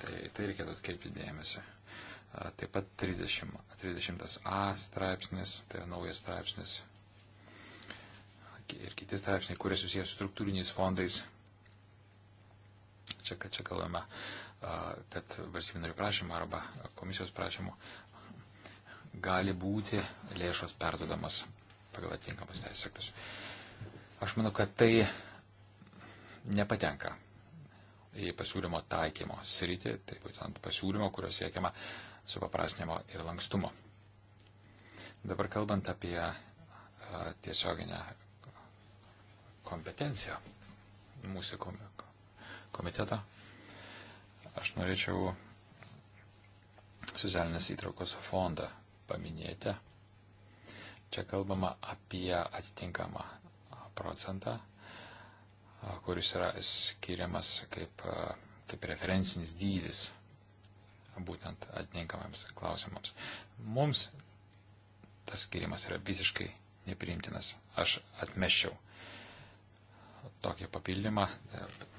D: Tai, tai reikėtų atkreipti dėmesį. Taip pat 30, 30a straipsnis, tai yra naujas straipsnis ir kiti straipsniai, kurie susijęs su struktūriniais fondais. Čia, kad čia kalbame kad valstybių narių prašymų arba komisijos prašymų gali būti lėšos perdodamas pagal atinkamus teisės aktus. Aš manau, kad tai nepatenka į pasiūlymo taikymo sritį, tai būtent pasiūlymo, kurio siekiama supaprasnimo ir lankstumo. Dabar kalbant apie a, tiesioginę kompetenciją mūsų komiteto, Aš norėčiau socialinės įtraukos fondą paminėti. Čia kalbama apie atitinkamą procentą, kuris yra skiriamas kaip, kaip referencinis dydis būtent atitinkamams klausimams. Mums tas skirimas yra visiškai nepriimtinas. Aš atmeščiau tokį papildymą,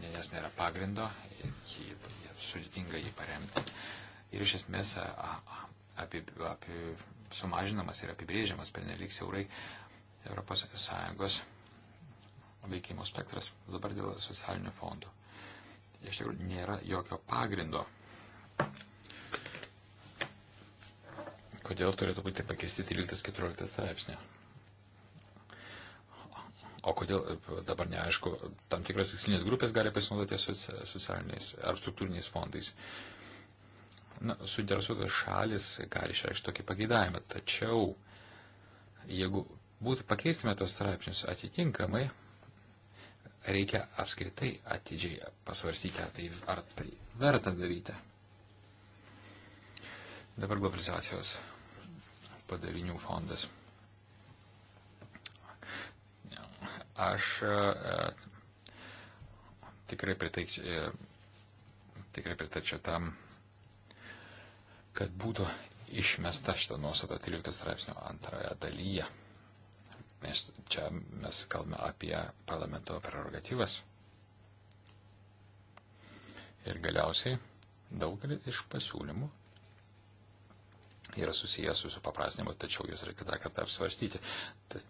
D: nes nėra pagrindo, jį sudėtinga jį paremti. Ir iš esmės apie, apie, sumažinamas ir apibrėžiamas pernelyg siaurai ES veikimo spektras dabar dėl socialinių fondų. Iš tikrųjų, nėra jokio pagrindo, kodėl turėtų būti pakeisti 13-14 straipsnė. O kodėl e, dabar neaišku, tam tikras tikslinės grupės gali pasinaudoti socialiniais ar struktūriniais fondais. Na, suinteresuotas šalis gali išreikšti tokį pageidavimą, tačiau jeigu būtų pakeistume tos straipsnius atitinkamai, reikia apskritai atidžiai pasvarstyti, ar tai, ar tai verta daryti. Dabar globalizacijos padarinių fondas. Aš e, e, tikrai pritaikčiau, e, tikrai pritaikčiau tam, kad būtų išmesta šitą nuostatą 13 straipsnio antroje dalyje. Nes čia mes kalbame apie parlamento prerogatyvas. Ir galiausiai daugelis iš pasiūlymų yra susijęs su supaprastinimu, tačiau jūs reikia dar kartą apsvarstyti. Tad,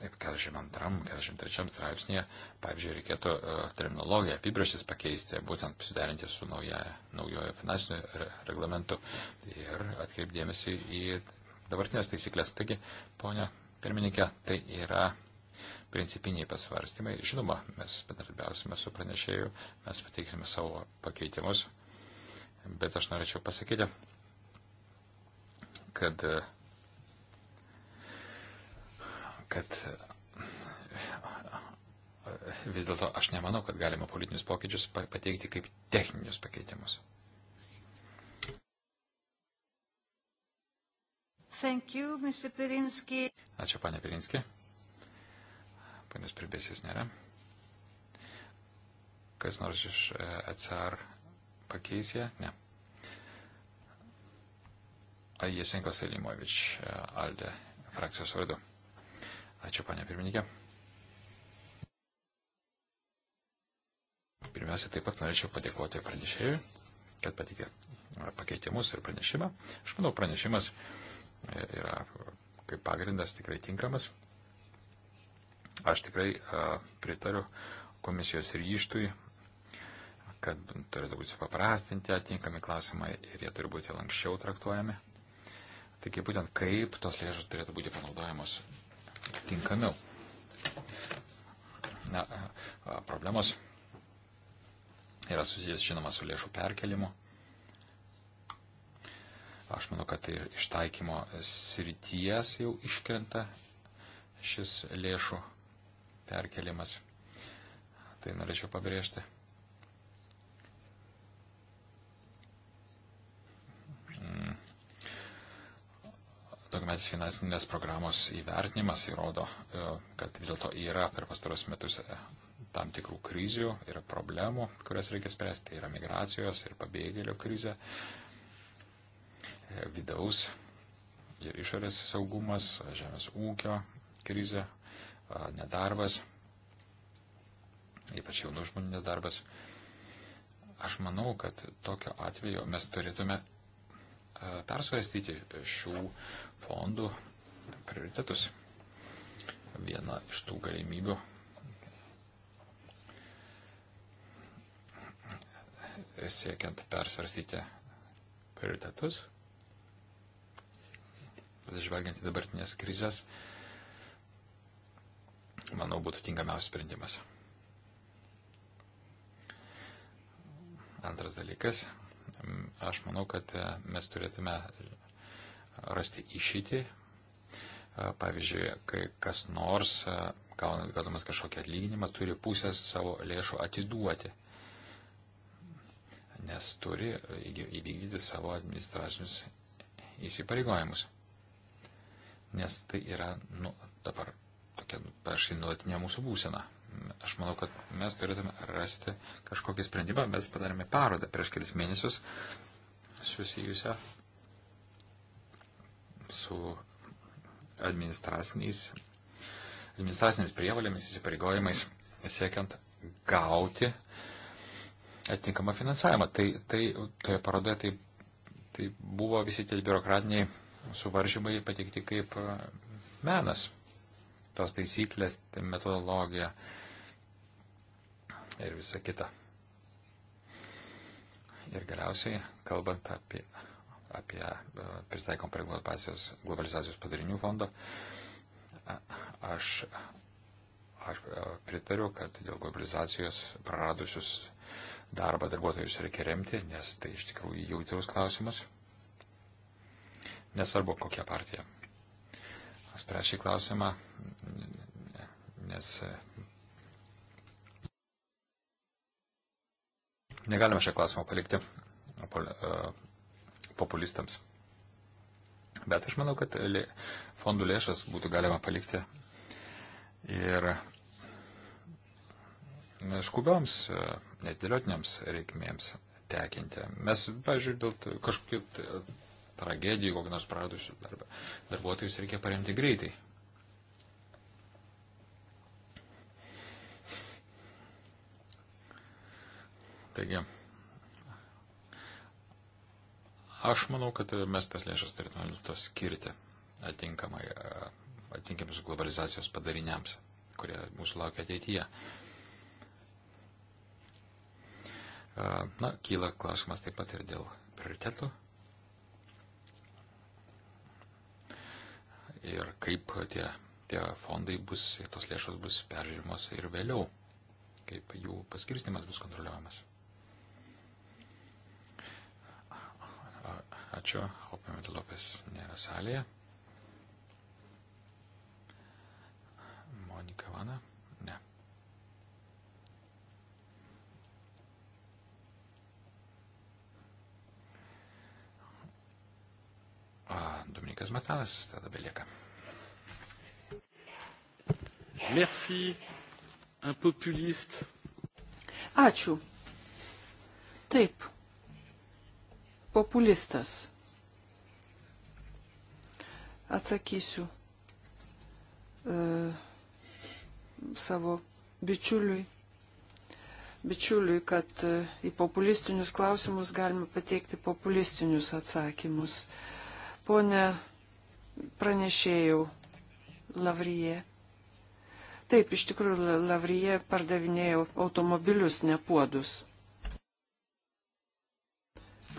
D: 42-43 straipsnėje, pavyzdžiui, reikėtų e, terminologiją apibrieštis pakeisti, būtent suderinti su naujoje, naujojo finansiniu reglamentu ir atkreipdėmėsi į dabartinės taisyklės. Taigi, ponia pirmininkė, tai yra principiniai pasvarstymai. Žinoma, mes bendradarbiausime su pranešėju, mes pateiksime savo pakeitimus, bet aš norėčiau pasakyti, kad uh, kad e, vis dėlto aš nemanau, kad galima politinius pokyčius pateikti kaip techninius pakeitimus.
A: Thank you, Mr. Pirinski.
D: Ačiū, panė Pirinski. Panius pribėsis nėra. Kas nors iš e, ECR pakeis ją? Ne. Jesenko Selimovič, e, Alde, frakcijos vardu. Ačiū, panė pirmininkė. Pirmiausia, taip pat norėčiau padėkoti pranešėjui, kad patikė e, pakeitimus ir pranešimą. Aš manau, pranešimas e, yra kaip pagrindas tikrai tinkamas. Aš tikrai a, e, pritariu komisijos ryštui, kad turėtų būti supaprastinti atinkami klausimai ir jie turi būti lankščiau traktuojami. Taigi būtent kaip tos lėšos turėtų būti panaudojamos tinkamiau. Na, problemos yra susijęs, žinoma, su lėšų perkelimu. Aš manau, kad tai ištaikymo srities jau iškrenta šis lėšų perkelimas. Tai norėčiau pabrėžti. Daugumės finansinės programos įvertinimas įrodo, e, kad vis dėlto yra per pastaros metus e, tam tikrų krizių, yra problemų, kurias reikia spręsti, tai yra migracijos ir pabėgėlio krizė, e, vidaus ir išorės saugumas, žemės ūkio krizė, nedarbas, ypač jaunų žmonių nedarbas. Aš manau, kad tokio atveju mes turėtume persvarstyti šių fondų prioritetus. Viena iš tų galimybių siekiant persvarstyti prioritetus, pasižvelgiant į dabartinės krizės, manau, būtų tinkamiausias sprendimas. Antras dalykas, aš manau, kad mes turėtume rasti išeitį, pavyzdžiui, kai kas nors, gaudamas kažkokį atlyginimą, turi pusę savo lėšų atiduoti, nes turi įvykdyti savo administracinius įsipareigojimus. Nes tai yra, nu, dabar tokia, nu, aš nuolatinė mūsų būsena. Aš manau, kad mes turėtume rasti kažkokį sprendimą. Mes padarėme parodą prieš kelis mėnesius susijusią su administraciniais, administraciniais prievalėmis įsipareigojimais siekiant gauti atitinkamą finansavimą. Tai, tai toje parodoje tai, tai buvo visi tie biurokratiniai suvaržymai pateikti kaip e, menas, tos taisyklės, metodologija ir visa kita. Ir galiausiai, kalbant apie apie e, pristaikom prie globalizacijos padarinių fondo. Aš, aš e, pritariu, kad dėl globalizacijos praradusius darbą darbuotojus reikia remti, nes tai iš tikrųjų jautrus klausimas. Nesvarbu, kokia partija. Spręs šį klausimą, nes e, negalime šią klausimą palikti populistams. Bet aš manau, kad fondų lėšas būtų galima palikti ir skubioms, e, netidėliotiniams reikmėms tekinti. Mes, pažiūrėjau, dėl kažkokių tragedijų, kokių nors praradusių darbą, darbuotojus reikia paremti greitai. Taigi, Aš manau, kad mes tas lėšas turėtume vis to skirti atinkamai, e, atinkamiams globalizacijos padariniams, kurie mūsų laukia ateityje. E, na, kyla klausimas taip pat ir dėl prioritetų. Ir kaip tie, tie fondai bus, tos lėšos bus peržiūrimos ir vėliau, kaip jų paskirstimas bus kontroliuojamas. Ačiū. Hopemet Lopes nėra salėje. Monika Vana. Ne. O Dominikas Matalas tada belieka. Merci, un populiste. Ačiū.
C: Taip, populistas. Atsakysiu e, savo bičiuliui, bičiuliui, kad e, į populistinius klausimus galima pateikti populistinius atsakymus. Pone pranešėjau Lavryje. Taip, iš tikrųjų, Lavryje pardavinėjau automobilius, ne puodus.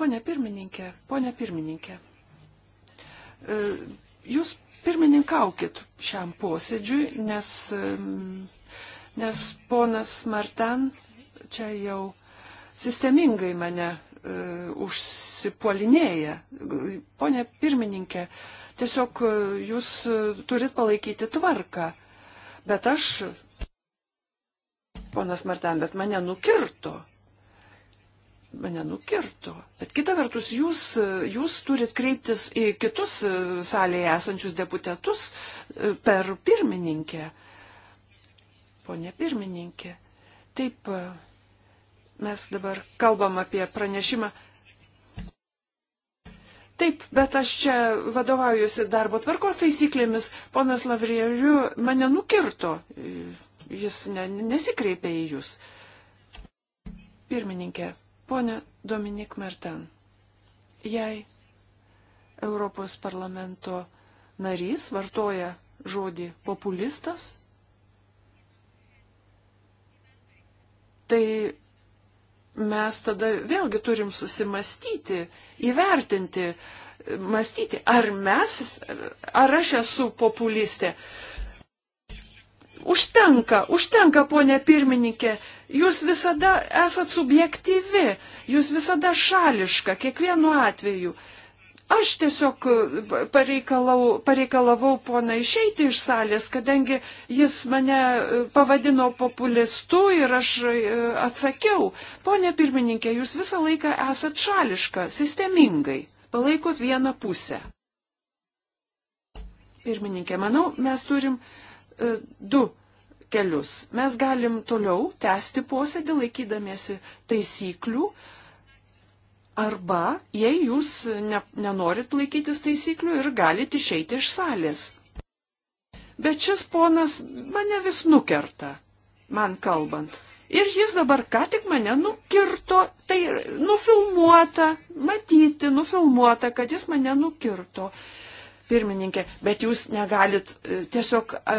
C: Pone pirmininkė, pone pirmininkė, e, jūs pirmininkaukit šiam posėdžiui, nes, nes ponas Martan čia jau sistemingai mane e, užsipuolinėja. Pone pirmininkė, tiesiog e, jūs turit palaikyti tvarką. Bet aš, ponas Martan, bet mane nukirto mane nukirto. Bet kita vertus, jūs, jūs turit kreiptis į kitus e, salėje esančius deputetus e, per pirmininkę. Pone pirmininkė, taip e, mes dabar kalbam apie pranešimą. Taip, bet aš čia vadovaujuosi darbo tvarkos taisyklėmis. Ponas Lavrėžiu mane nukirto. Jis ne, nesikreipė į jūs. Pirmininkė, Pone Dominik Merten, jei Europos parlamento narys vartoja žodį populistas, tai mes tada vėlgi turim susimastyti, įvertinti, mąstyti, ar mes, ar aš esu populistė. Uh, Užtenka, užtenka, ponė pirmininkė. Jūs visada esat subjektyvi, jūs visada šališka, kiekvienu atveju. Aš tiesiog e, pareikalau, pareikalavau poną išeiti iš salės, kadangi jis mane e, pavadino populistu ir aš e, atsakiau, ponė pirmininkė, jūs visą laiką esat šališka, sistemingai, palaikot vieną pusę. Pirmininkė, manau, mes turim E, du kelius. Mes galim toliau tęsti posėdį laikydamiesi taisyklių arba, jei jūs ne, nenorit laikytis taisyklių ir galite išeiti iš salės. Bet šis ponas mane vis nukerta, man kalbant. Ir jis dabar ką tik mane nukirto, tai nufilmuota, matyti, nufilmuota, kad jis mane nukirto pirmininkė, bet jūs negalit e, tiesiog, e,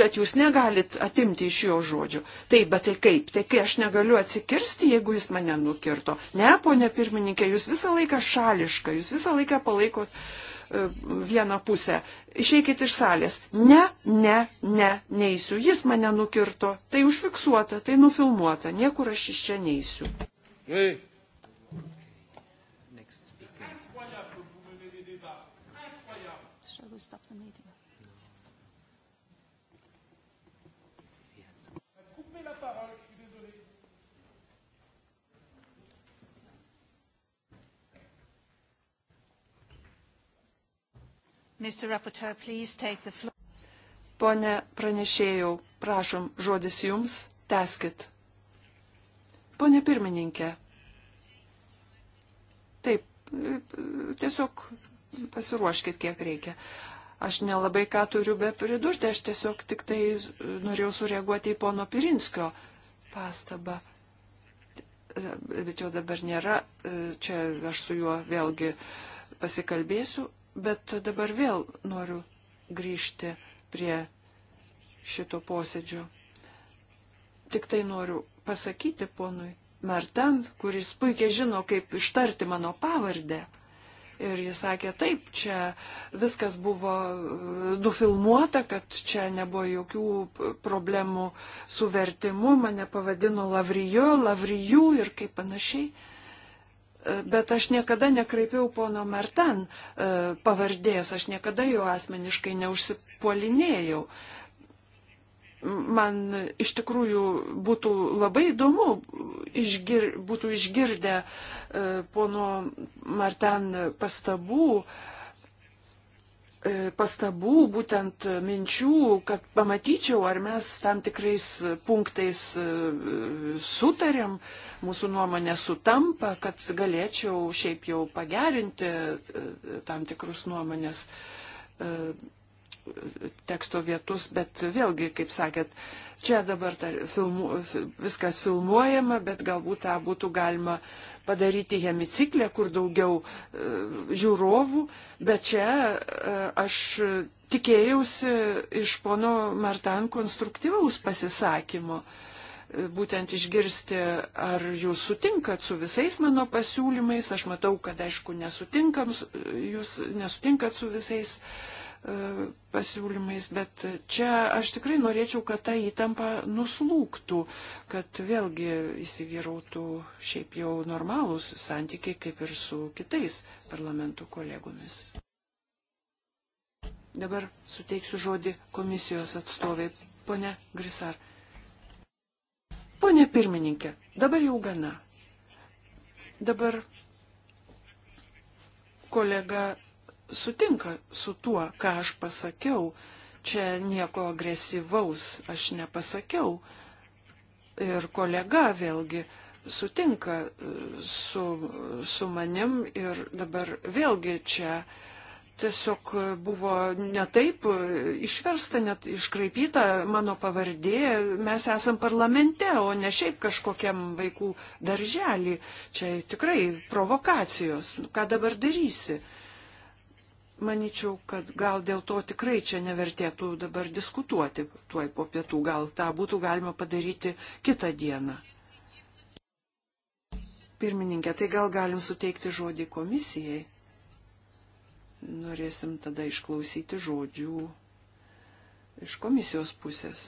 C: bet jūs negalit atimti iš jo žodžių. Taip, bet tai kaip? Tai kai aš negaliu atsikirsti, jeigu jis mane nukirto. Ne, ponė pirmininkė, jūs visą laiką šališka, jūs visą laiką palaikot e, vieną pusę. Išeikit iš salės. Ne, ne, ne, neįsiu. Jis mane nukirto. Tai užfiksuota, tai nufilmuota. Niekur aš iš čia neįsiu.
B: Hey.
A: Rapporteur,
C: Pone pranešėjau, prašom, žodis jums, teskit. Pone pirmininkė. Taip, tiesiog pasiruoškit, kiek reikia. Aš nelabai ką turiu be pridurti, aš tiesiog tik tai norėjau sureaguoti į pono Pirinskio pastabą. Bet jo dabar nėra, čia aš su juo vėlgi pasikalbėsiu Bet dabar vėl noriu grįžti prie šito posėdžio. Tik tai noriu pasakyti ponui Martin, kuris puikiai žino, kaip ištarti mano pavardę. Ir jis sakė, taip, čia viskas buvo nufilmuota, kad čia nebuvo jokių problemų su vertimu, mane pavadino Lavrijo, Lavrijų ir kaip panašiai bet aš niekada nekraipiau pono Martan e, pavardės, aš niekada jo asmeniškai neužsipuolinėjau. Man iš tikrųjų būtų labai įdomu, išgir, būtų išgirdę e, pono Martan pastabų, uh, E, pastabų, būtent minčių, kad pamatyčiau, ar mes tam tikrais punktais e, sutarėm, mūsų nuomonė sutampa, kad galėčiau šiaip jau pagerinti e, tam tikrus nuomonės teksto vietus, bet vėlgi, kaip sakėt, čia dabar ta, filmu, viskas filmuojama, bet galbūt tą būtų galima uh, padaryti hemiciklę, kur daugiau e, žiūrovų, bet čia e, aš tikėjausi iš pono Martan konstruktyvaus pasisakymo e, būtent išgirsti, ar jūs sutinkat su visais mano pasiūlymais. Aš matau, kad aišku nesutinkam, jūs nesutinkat su visais E, pasiūlymais, bet čia aš tikrai norėčiau, kad ta įtampa nuslūktų, kad vėlgi įsivyrautų šiaip jau normalūs santykiai kaip ir su kitais parlamentų kolegomis. Dabar suteiksiu žodį komisijos atstoviai, ponė Grisar. Pone pirmininkė, dabar jau gana. Dabar kolega sutinka su tuo, ką aš pasakiau. Čia nieko agresyvaus aš nepasakiau. Ir kolega vėlgi sutinka e, su, su manim ir dabar vėlgi čia tiesiog buvo netaip e, išversta, net iškraipyta mano pavardė. Mes esam parlamente, o ne šiaip kažkokiam vaikų darželį. Čia tikrai provokacijos. Ką dabar darysi? manyčiau, kad gal dėl to tikrai čia nevertėtų dabar diskutuoti tuoj po pietų, gal tą būtų galima padaryti kitą dieną. Pirmininkė, tai gal galim suteikti žodį komisijai. Norėsim tada išklausyti žodžių iš komisijos pusės.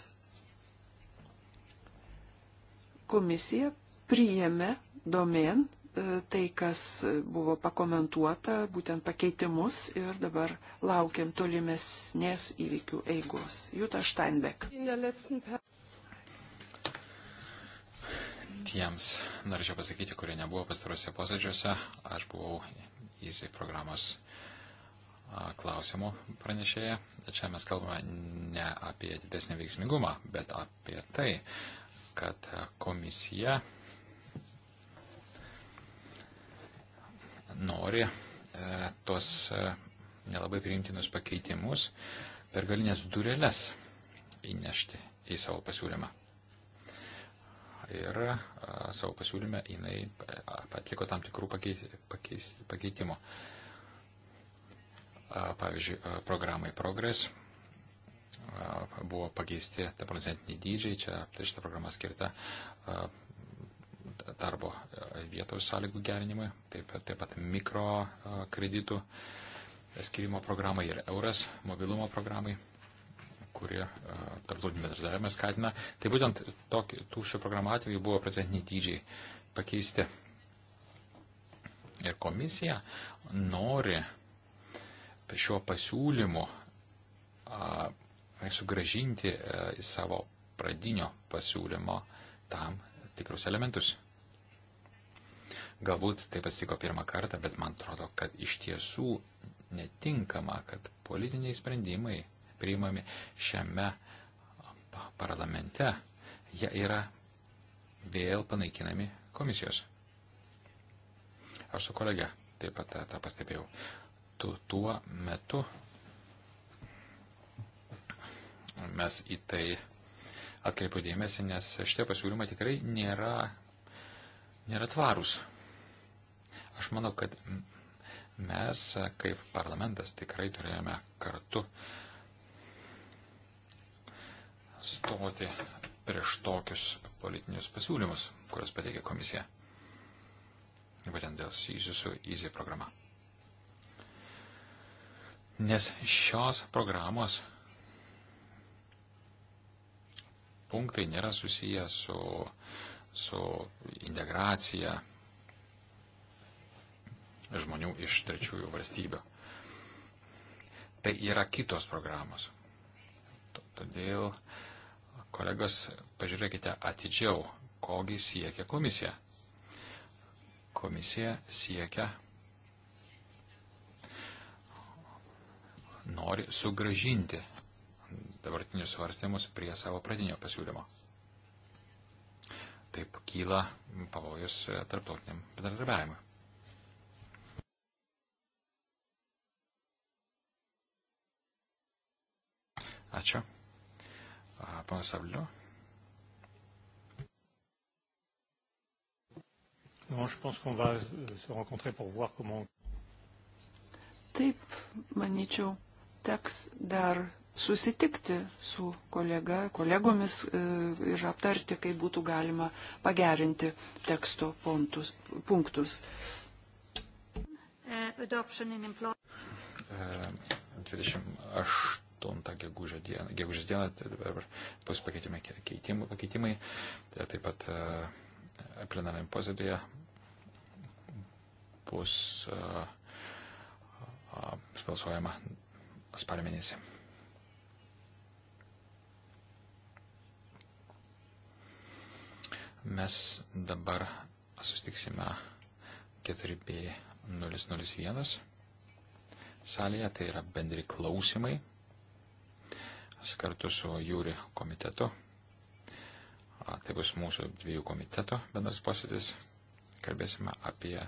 C: Komisija priėmė domen tai, kas buvo pakomentuota, būtent pakeitimus ir dabar laukiam tolimesnės įvykių eigos. Jūta Steinbeck.
D: Tiems norėčiau pasakyti, kurie nebuvo pastarose posėdžiuose, aš buvau įsi programos klausimų pranešėja. Čia mes kalbame ne apie didesnį veiksmingumą, bet apie tai, kad komisija nori e, tos e, nelabai priimtinus pakeitimus per galinės dureles įnešti į savo pasiūlymą. Ir a, e, savo pasiūlymę jinai atliko tam tikrų pakeis, pakeis, pakeitimų. A, pavyzdžiui, a, programai Progress a, buvo pakeisti ta procentiniai dydžiai, čia šita programa skirta a, darbo e, vietos sąlygų gerinimui, taip, taip pat mikro e, kreditų skirimo programai ir euras mobilumo programai kurie e, tarptautinį bendradarbiavimą skatina. Tai būtent tokių, tų šių programų atveju buvo procentiniai dydžiai pakeisti. Ir komisija nori šiuo pasiūlymu a, sugražinti a, savo pradinio pasiūlymo tam tikrus elementus. Galbūt taip atsitiko pirmą kartą, bet man atrodo, kad iš tiesų netinkama, kad politiniai sprendimai priimami šiame parlamente, jie yra vėl panaikinami komisijos. Aš su kolege taip pat tą, tą pastebėjau. Tu tuo metu mes į tai atkreipiu dėmesį, nes šitie pasiūlymai tikrai nėra, nėra tvarūs. Aš manau, kad mes kaip parlamentas tikrai turėjome kartu stoti prieš tokius politinius pasiūlymus, kurias pateikė komisija. Būtent dėl susijusių su EASY programa. Nes šios programos punktai nėra susiję su, su integracija žmonių iš trečiųjų valstybių. Tai yra kitos programos. Todėl, kolegos, pažiūrėkite atidžiau, kogi siekia komisija. Komisija siekia, nori sugražinti dabartinius svarstymus prie savo pradinio pasiūlymo. Taip kyla pavojus e, tarptautiniam bendradarbiavimui. Ačiū. Ponas Avliu. Non, je pense qu'on va euh, se rencontrer pour voir comment. Taip,
C: manyčiau, teks dar susitikti su kolega, kolegomis e, ir aptarti, kaip būtų galima pagerinti teksto pontus, punktus.
A: 28
D: e, e, gegužės dieną, gegužės dieną tai bus pakeitimai, keitimai, pakeitimai, taip pat plenarėm pozidėje bus balsuojama spalio mėnesį. Mes dabar sustiksime 4B001 salėje, tai yra bendri klausimai kartu su jūri komitetu. Tai bus mūsų dviejų komiteto bendras posėdis. Kalbėsime apie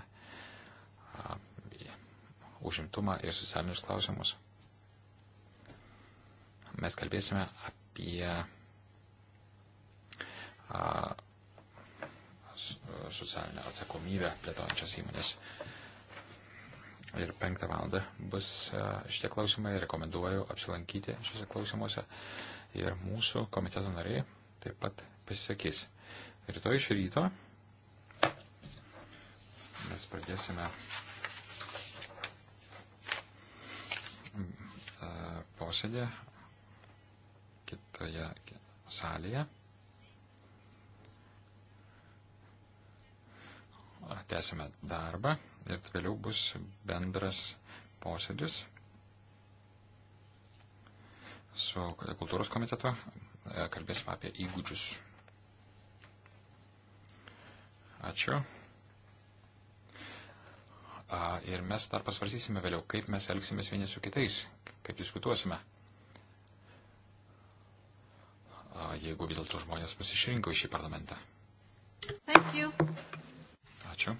D: užimtumą ir socialinius klausimus. Mes kalbėsime apie E, socialinę atsakomybę plėtojančias įmonės. Ir penktą valandą bus e, šitie klausimai, rekomenduoju apsilankyti šiuose klausimuose. Ir mūsų komiteto nariai taip pat pasisakys. Rytoj iš ryto mes pradėsime e, posėdį kitoje salėje. tęsime darbą ir vėliau bus bendras posėdis su kultūros komitetu. E, kalbėsime apie įgūdžius. Ačiū. Ir mes dar pasvarsysime vėliau, kaip mes elgsimės vieni su kitais, kaip diskutuosime. Jeigu vis dėlto žmonės mus išrinko į šį parlamentą.
A: Thank you. Ačiū.